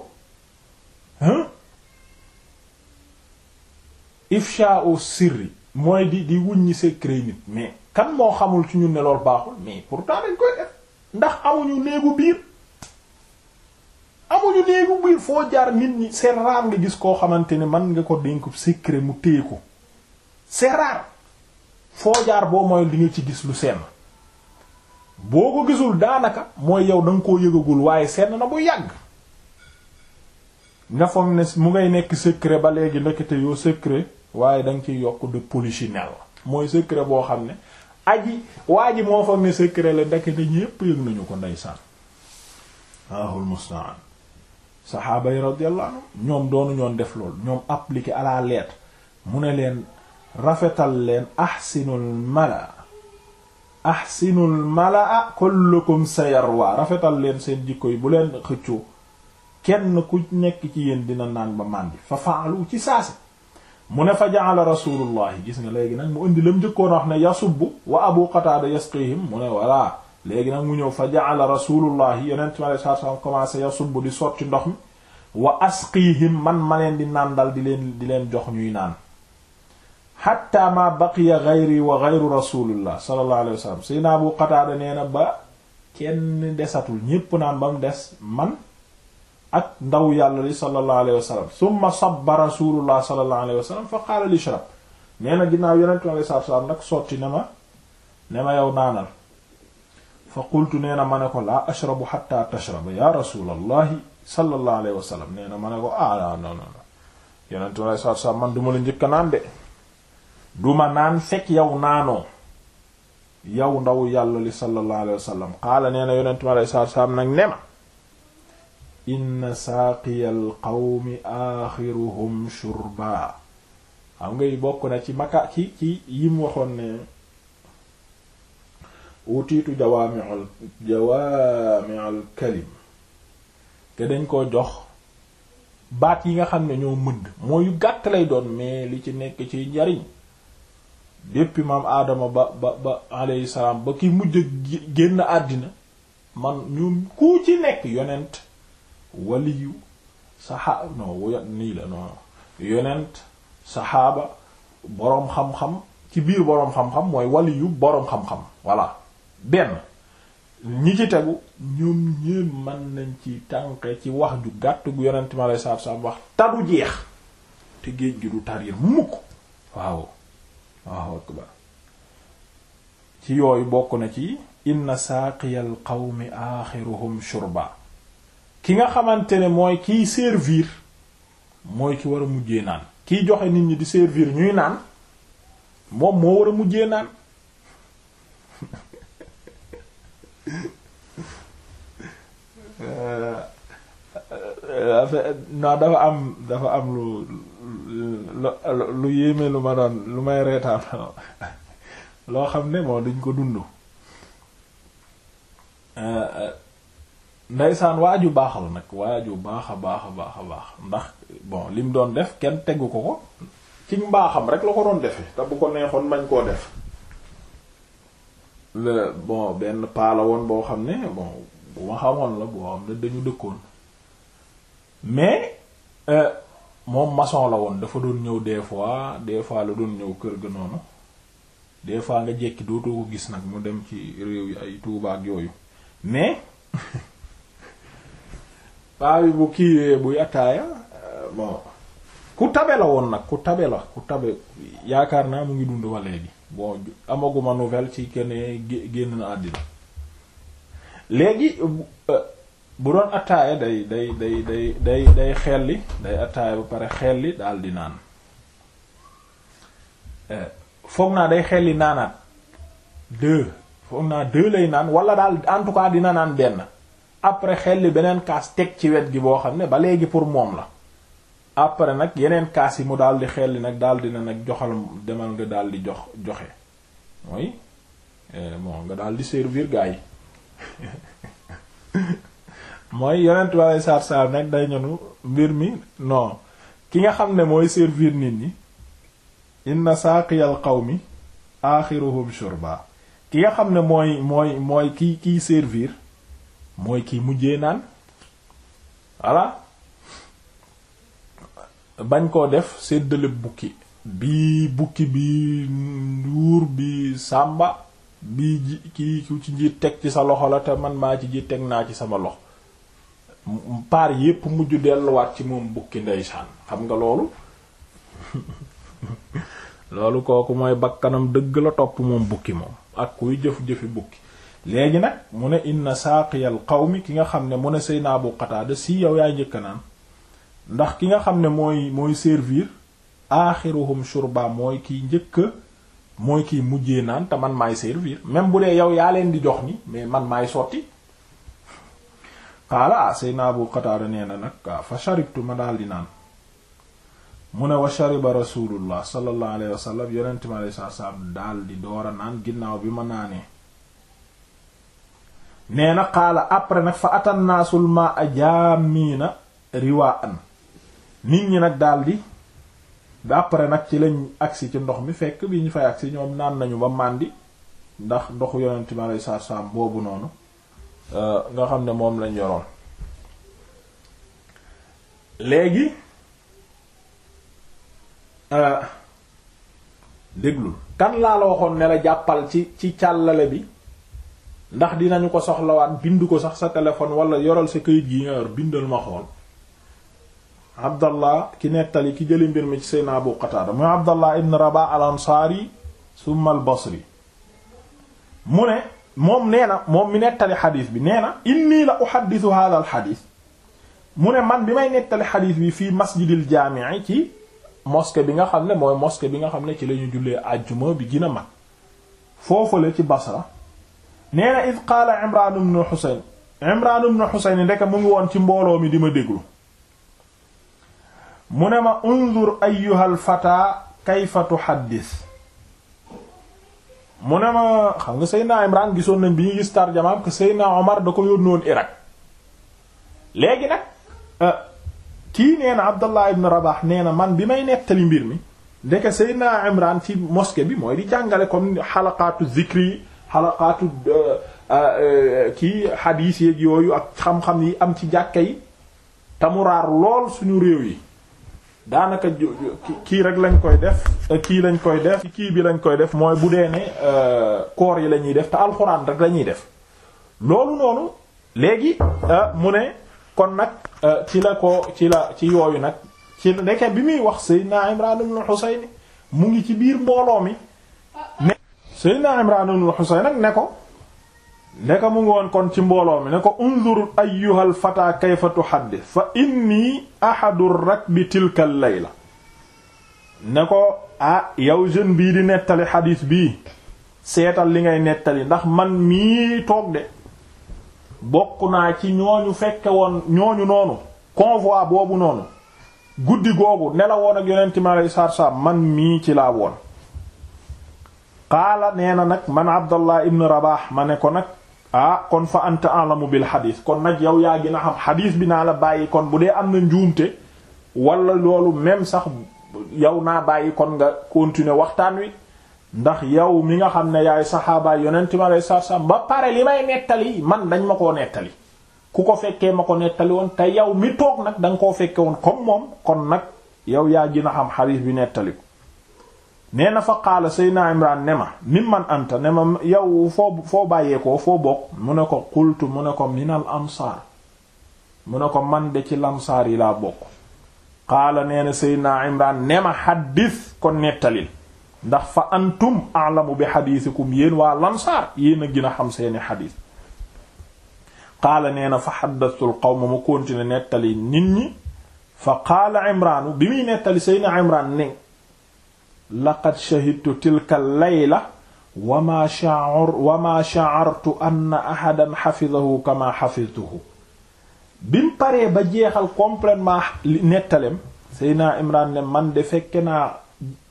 hein ifsha au sirri mooy di di wuññi secret nit mais kan moo xamul ci ñun ne loolu baaxul mais pourtant dañ koy def ndax amuñu néegu biir amuñu néegu biir foo jaar nit ñi c'est rare nga gis koo xamante ne man nga ko dénk secret mu téye ko c'est foo jaar boo moyul di nga ci gis lu senn boo ko gisul daanaka mooy yow da ko yëgagul waaye senn na bu yàgg nga foog ne mu ngay nekk secret ba léegi ndekete yoo secret waaye da nga ciy yokk de polichinelle mooy secret boo xam ne aji waa ji moo foog ne secret la ndekete ñépp yëg nañu ko ndeysaan ahul musta'an saxaaba yi radiyallahu anhum ñoom doonu ñoon def loolu ñoom appliqué à mu ne leen rafetal leen axsinul mala axsinul malaa kullukum sayarwa rafetal leen seen jikko yi bu leen xëccoo kenn ku nekk ci yéen dina naan ba màndi fa faalu ci saase mu ne fa ja'ala rasulullahi gis nga léegi nag mu indi lem njëkkoon wax ne yasubbu wa abu qataada yasqihim mu ne voilà léegi nag mu ñëw fa ja'ala rasulullahi yonent mi alayhi salaatu wa salaam di sotti ndox mi wa asqihim man ma leen di naan dal di leen di leen jox ñuy naan xatta ma baqiya gayri wa gayru rasulillah sallallahu alayhi Abu Qataada nee ba kenn desatul ñépp naan ba des man ak ndaw yàlla li sallallahu alayhi wa sallam summa sabba rasulullah sallallahu alayhi wa fa qaala li shrab nee na ginnaaw alayhi salaatu salaam nag sotti ne ma ne naanal fa qultu nee na ko laa ashrabu xatta tashraba ya rasulallahi sallallahu alayhi wa sallam nee ko ah non non yonent mi alayhi salaatu salaam man duma la du ma naan fekk yow naanoo yow ndaw yàlla li sallallahu alayhi wa sallam qaala nee na yonent mi alayhi salaatu nag ne ma inna saaqiyal qawmi aaxiruhum shurba xam ngay bokk na ci maka ki ki yim waxoon ne utiitu jawaami'ul jawaami'ul kalim te dañ ko jox baat yi nga xam ne ñoo mëdd mooy yu gàtt lay doon mais li ci nekk ci njariñ depuis maam aadama ba ba ba alayhi salaam ba ki mujj génn àddina man ñun ku ci nekk yonent waliyu saxaa non nii la non yonent saxaaba boroom xam-xam ci biir boroom xam-xam mooy waliyu boroom xam-xam voilà benn ñi ci tegu ñoom ñépp mën nañ ci tànqe ci wax ju gàtt gu yonent mi alayhi salaatu salaam taru jeex te géej gi du tarir mukk waaw waaw akbar ci yooyu bokk na ci inna saaqiyal qawmi aaxiruhum shurba ki nga xamante ne mooy kiy servir mooy ki war a mujjee naan kiy joxe nit ñi di servir ñuy naan moom moo war a mujjee naan euh, euh, euh, non dafa am dafa am lu lu yéeme lu ma doon lu may reetaan loo xam ne moo dañ ko dund ndaysaan waaju baax la nag waaju baax a baax a baax a baax ndax bon lim doon def kenn tegu ko ko ci baaxam rek la ko doon defe te ko neexoon mañ koo def le bon benn paala woon boo xam ne bon bu ma xamoon la boo xam ne dañu dëkkoon mais moom maçon la woon dafa doon ñëw des fois des fois la doon ñëw kër ga noonu des fois nga jekki dootoo ko gis nag mu dem ci réew yi ay Touba yooyu mais paa bi bu kiiwee buy attaaya euh, bon ku tabe la woon nag ku tabe la ku tabe yaakaar naa mu ngi dund wa léegi bon amaguma nouvelle ci kenn génn na àddina léegi. Euh, bu doon attaaya day day day day day day xelli day attaaya ba pare xelli daal di naan eh, foog naa day xelli naanaat deux foog naa deux lay naan wala daal en tout cas dina naan benn après xelli beneen kaas teg ci wet gi boo xam ne ba léegi pour moom la après nag yeneen kaas yi mu daal di xelli nag daal na nag joxal demal nga daal di jox joxe mooy bon eh, nga daal di servir gaa mooy yonent bi alei nag day ñonu mbir mi non ki nga xam ne mooy servir nit ñi inna saaqiyal qawmi axiruhum shurba ki nga xam ne mooy mooy mooy kii kiy servir mooy kii mujjee naan voilà bañ koo def séddale bukki bii bukki bi nduur bi sàmba bii ki kii ku ci njiit teg ci sa loxo la te man maa ci ji teg naa ci sama loxo paar yépp mujj delluwaat ci moom bukki ndeysaan xam nga loolu loolu kooku mooy bakkanam dëgg la topp moom bukki moom ak kuy jëf-jëfi bukki léegi nag mu ne inna xaw mi ki nga xam ne mu ne naa bu Qatada si yow yaay njëkka naan ndax ki nga xam ne mooy mooy servir aaxiruhum shurba mooy kiy njëkk mooy kiy mujjee naan te man maay servir même bu dee yow yaa leen di jox ni mais man maay sotti qaala sayna abu qataada nee na nag fa sharibtu ma daal di naan mu ne wa shariba rasulullah sallallahu alayhi wa sallam yonent mi alayhi salaatu doora naan ginnaaw bi ma naanee nee na qaala après nag fa atan naasul ma a jaamiina riwaa an nit ñi nag daal di après nag ci lañ agsi ci ndox mi fekk bi ñu fay agsi ñoom naan nañu ba màndi ndax ndoxu yonent mi alayhi salaatu boobu noonu Euh, nga xam ne moom lañ yoroon léegi euh, déglul kan laa la waxoon ne la jàppal ci ci càllale bi ndax dinañu ko soxlawaat bind ko sax sa téléphone wala yoral sa këyit gi nga yor bindal ma xool abdallah ki nettali ki jëli mbir mi ci seyna abu qataada muy abdallah ibn rabaa al ansaari summa mu ne moom nee na moom mi nettali xadis bi nee na inni la uhaddisu hadha al xadis mu ne man bi may nettali xadis bi fii masjidil jaami'i ci mosquée bi nga xam ne mooy mosquée bi nga xam ne ci lañu ñu jullee àjjuma bi gën a mag la ci Basra nee na id qaala Imraan ibn Husayn Imraan ibn Husayn ndeke mu ngi woon ci mbooloo mi di ma déglu mu ne ma unzur ayyuhal fata kayfa tuhaddis mu ne ma xam nga Seydina Imran gisoon nañ bi ñuy gis tarjamaam que Seydina Omar da ko yónni woon Irak léegi nag euh, kii nee na Abdallah ibn Rabah nee na man bi may nettali mbir mi ndeke Seydina Imran ci mosquée bi mooy di jàngale comme xalaqaatu zikri xalaqaatu euh, euh, kii xadiis yeeg yooyu ak xam-xam yi am ci jàkka yi tamuraar lool suñu réew yi daanaka kii rek lañ koy def kii lañ koy def kii bi lañ koy def mooy bu dee ne euh, koor yi la ñuy def te alxuraan rek la ñuy def loolu noonu léegi euh, mu ne kon nag euh, ci la ko ci la ci yooyu nag ci ndeke bi muy wax Seydina Imran ibn Husayn mu ngi ci biir mbooloo mi ne Seydina Imran ibn Husayn nag ne ko ndeka mu ngi woon kon ci mbooloo mi ne ko unzur ayyuhal fata kayfa tuhaddith fa inni ahadu rakbi tilka layla ne ko ah yow jeune bii di nettali xadiis bii seetal li ngay nettali ndax man mii toog de bokk naa ci ñooñu fekke woon ñooñu noonu convoi boobu noonu guddi googu ne a woon ak yonent man mii ci laa woon qaala na nag man abdallah ibn rabah ma ne ko nag ah kon fa anta alamu bil xadis kon nag yow yaa gën a xam xadis bi naa la bàyyi kon bu dee am na njuumte walla loolu même sax yow naa bàyyi kon nga continuer waxtaan wi ndax yow mi nga xam ne yaay saxaabaay yonent ma lay sar sam ba pare li may nettali man dañ ma koo nettali ku ko fekkee ma ko nettali woon te yow mi toog nag da nga koo fekke woon comme moom kon nag yow yaa gin a xam xadis bi nettali ko nee na fa qaala sayna imran ne ma mimman anta ne ma yow foo foo bàyyeekoo foo bokk mu ne ko qultu mu ne ko minal ansaar mu ne ko man de ci lamsaar yi laa bokk qaala nee na sayna imran ne ma xaddis ko nettalil ndax fa antum aalamu bi xadiisikum yéen waa lamsaar yéen a gën a xam seeni xadis qaala nee na fa xaddatul qawma mu continué nettali nit ñi fa qaala imraanu bi muy nettali sayna imran ne laqad shahidtu tilka layla wa ma sha'ar wa ma sha'artu anna ahadan hafizahu kama hafiztuhu bi mu paree ba jeexal complètement nettalem Seydina Imran ne man de fekke naa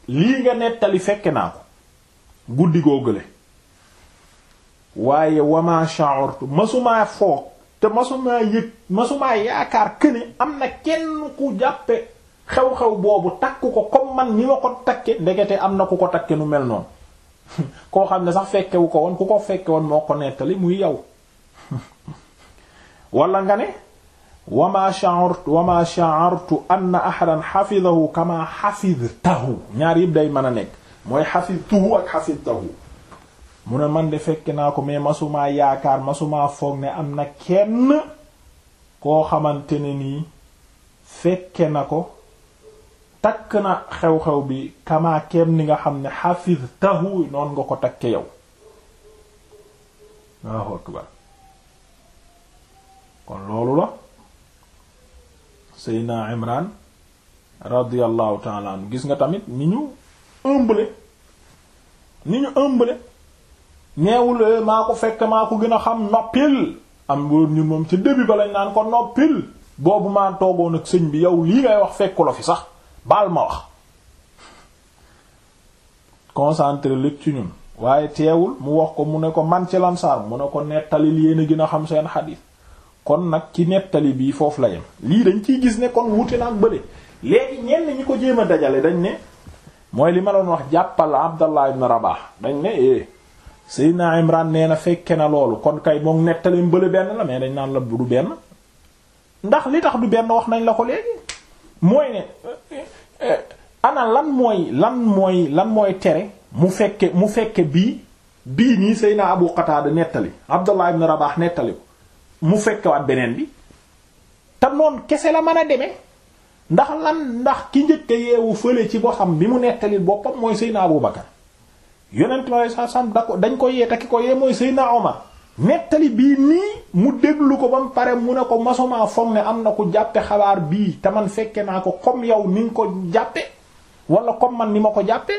lii nga nettali fekke naa ko guddi googule waaye wama sha'urtu masumaa foog te masumaa yëg masumaa yaakaar këne am na kenn ku jàppe xew-xew boobu takk ko comme man ni ma ko takke ndekete am na ku ko takke nu mel noon koo xam ne sax fekkewu ko woon ku ko fekke woon moo ko nettali muy yow wala nga ne wama sha'artu wama sha'artu anna ahadan xafidahu kama xafidtahu ñaar yëpp day mën a nekk mooy xafidtuhu ak xafidtahu mu ne man de fekke naa ko mais masumaa yaakaar masumaa foog ne am na kenn koo xamante ne nii fekke na ko takk na xew-xew bi kamaa keem ni nga xam ne xafiz tahu noonu nga ko takke yow waaw akbar kon loolu la Seydina Imran radiyallahu taala gis nga tamit ni ñu ëmbale ni ñu ëmbale neewul eh, maa ko fekk maa ko gën a xam noppil am woon ñun moom ca début ba lañ naan ko noppil boobu maa toogoon ak sëñ bi yow lii ngay wax fekku fi sax baal ma wax concentré lépp ci ñun waaye teewul mu wax ko mu ne ko man ci lansaar mu ne ko nettalil yéen gin a xam seen xadiis kon nag ci nettali bii foofu la yem lii dañ ciy gis ne kon wuute na ak bële léegi ñenn ñi ko jéem a dajale dañ ne mooy li ma doon wax jàppal Abdallah ibn Rabah dañ ne eh Seydina Imran nee na fekke na loolu kon kay moom nettali mbële benn la mais dañ naan la du benn ndax li tax du benn wax nañ la ko léegi mooy ne ana lan mooy lan mooy lan mooy tere mu fekke mu fekke bii bii nii Seydina Abu Qatada nettali Abdullah ibn Rabah nettali ko mu fekke waat beneen bi te noon kese la mën a demee ndax lan ndax ki njëkk yeewu fële ci boo xam bi mu nettali boppam mooy Seydina Abu Bakar yonent ma sallallahu alayhi da dañ ko yee te ki ko yee mooy Seydina Omar nettali bii nii mu déglu ko ba mu pare mu ne ko masuma foog ne am na ku jàppe xabaar bii te man fekke naa ko comme yow ni ko jàppe wala comme man ni ma ko jàppe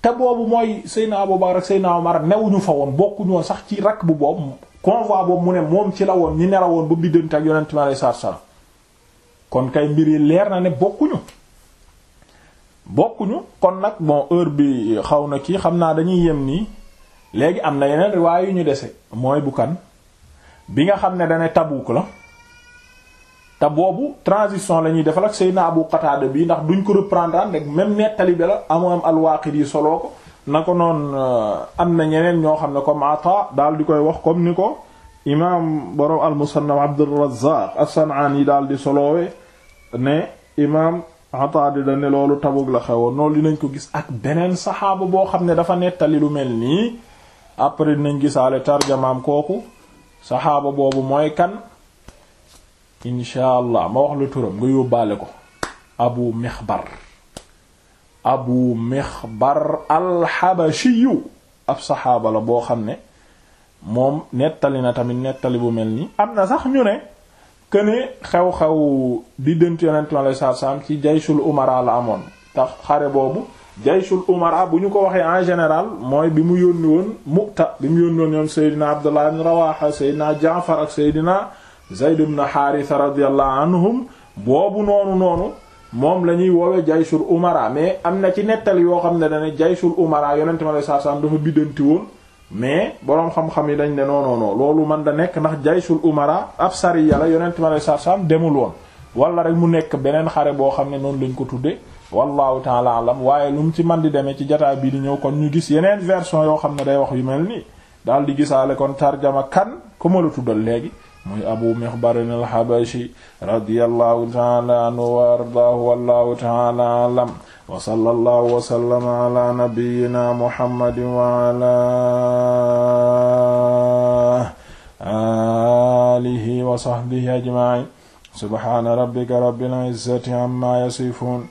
te boobu mooy Seydina Abu Bakar ak Seydina Omar newuñu fa woon bokkuñu sax ci rak bu boobu convoi boobu mu ne moom ci la woon ñi ne la ba biddante ak yonent mi alayhi salaatu kon kay mbir yi leer na ne bokkuñu bokkuñu kon nag bon heure bi xaw na kii xam naa dañuy yem nii léegi am na yeneen riwaay yu ñu dese mooy bu kan bi nga xam ne dane Tabuk la te boobu transition lañuy ñuy defal ak Seydina Abu Qatada bi ndax duñ ko reprendre rek même nettali bi la amu am al-Waaqidi yi soloo na noon euh, am na ñeneen ñoo xam ne comme Ata daal di koy wax comme ni ko imaam borom al-Musannaf Abdurrazzaq as yi daal di soloowe ne imaam Ata di da loolu Tabuk la xewoon noonu dinañ ko gis ak beneen saxaaba boo xam ne dafa nettali lu mel nii après dinañ gisaale tarjamaam kooku saxaaba boobu mooy kan insha allah ma wax la turam nga yóbbaale ko abu mixbar abu mixbar alxabashiyu ab saxaaba la boo xam ne moom nettali na tamit nettali bu mel ni am na sax ñu ne këne xew-xew di dënt yonent mi alei ci jayshul umara la amoon tax xare boobu jayshul umara bu ñu ko waxee en général mooy bi mu yónni woon Mu'ta bi mu yónni woon ñoom Seydina Abdullah ibn Rawaha Seydina Jaafar ak Seydina Zayd ibn Haritha radiyallahu anhum boobu noonu noonu moom la ñuy woowee jayshul umara mais am na ci nettali yoo xam ne dane jayshul umara yonente mi aleye sat selaam dafa biddanti woon mais boroom xam-xam yi dañ ne non non non loolu man da nekk ndax jayshul umara ab sariya la yonente mi aleye sat selaam demul woon wala rek mu nekk beneen xare boo xam ne noonu lañ ko tudde wallahu taala waaye lu mu ci man di demee ci jataay bii di ñëw kon ñu gis yeneen version yoo xam ne day wax yu mel ni daal di gisaale kon tarjama kan ku ma la tuddal léegi muy abu mihbarin alxabashi radiyallahu taala anhu wa ardaahu wa sallallahu wa sallama ala nabiyyina wa ala alihi wa sahbihi ajma'in subhana rabbika rabbil izzati amma yasifun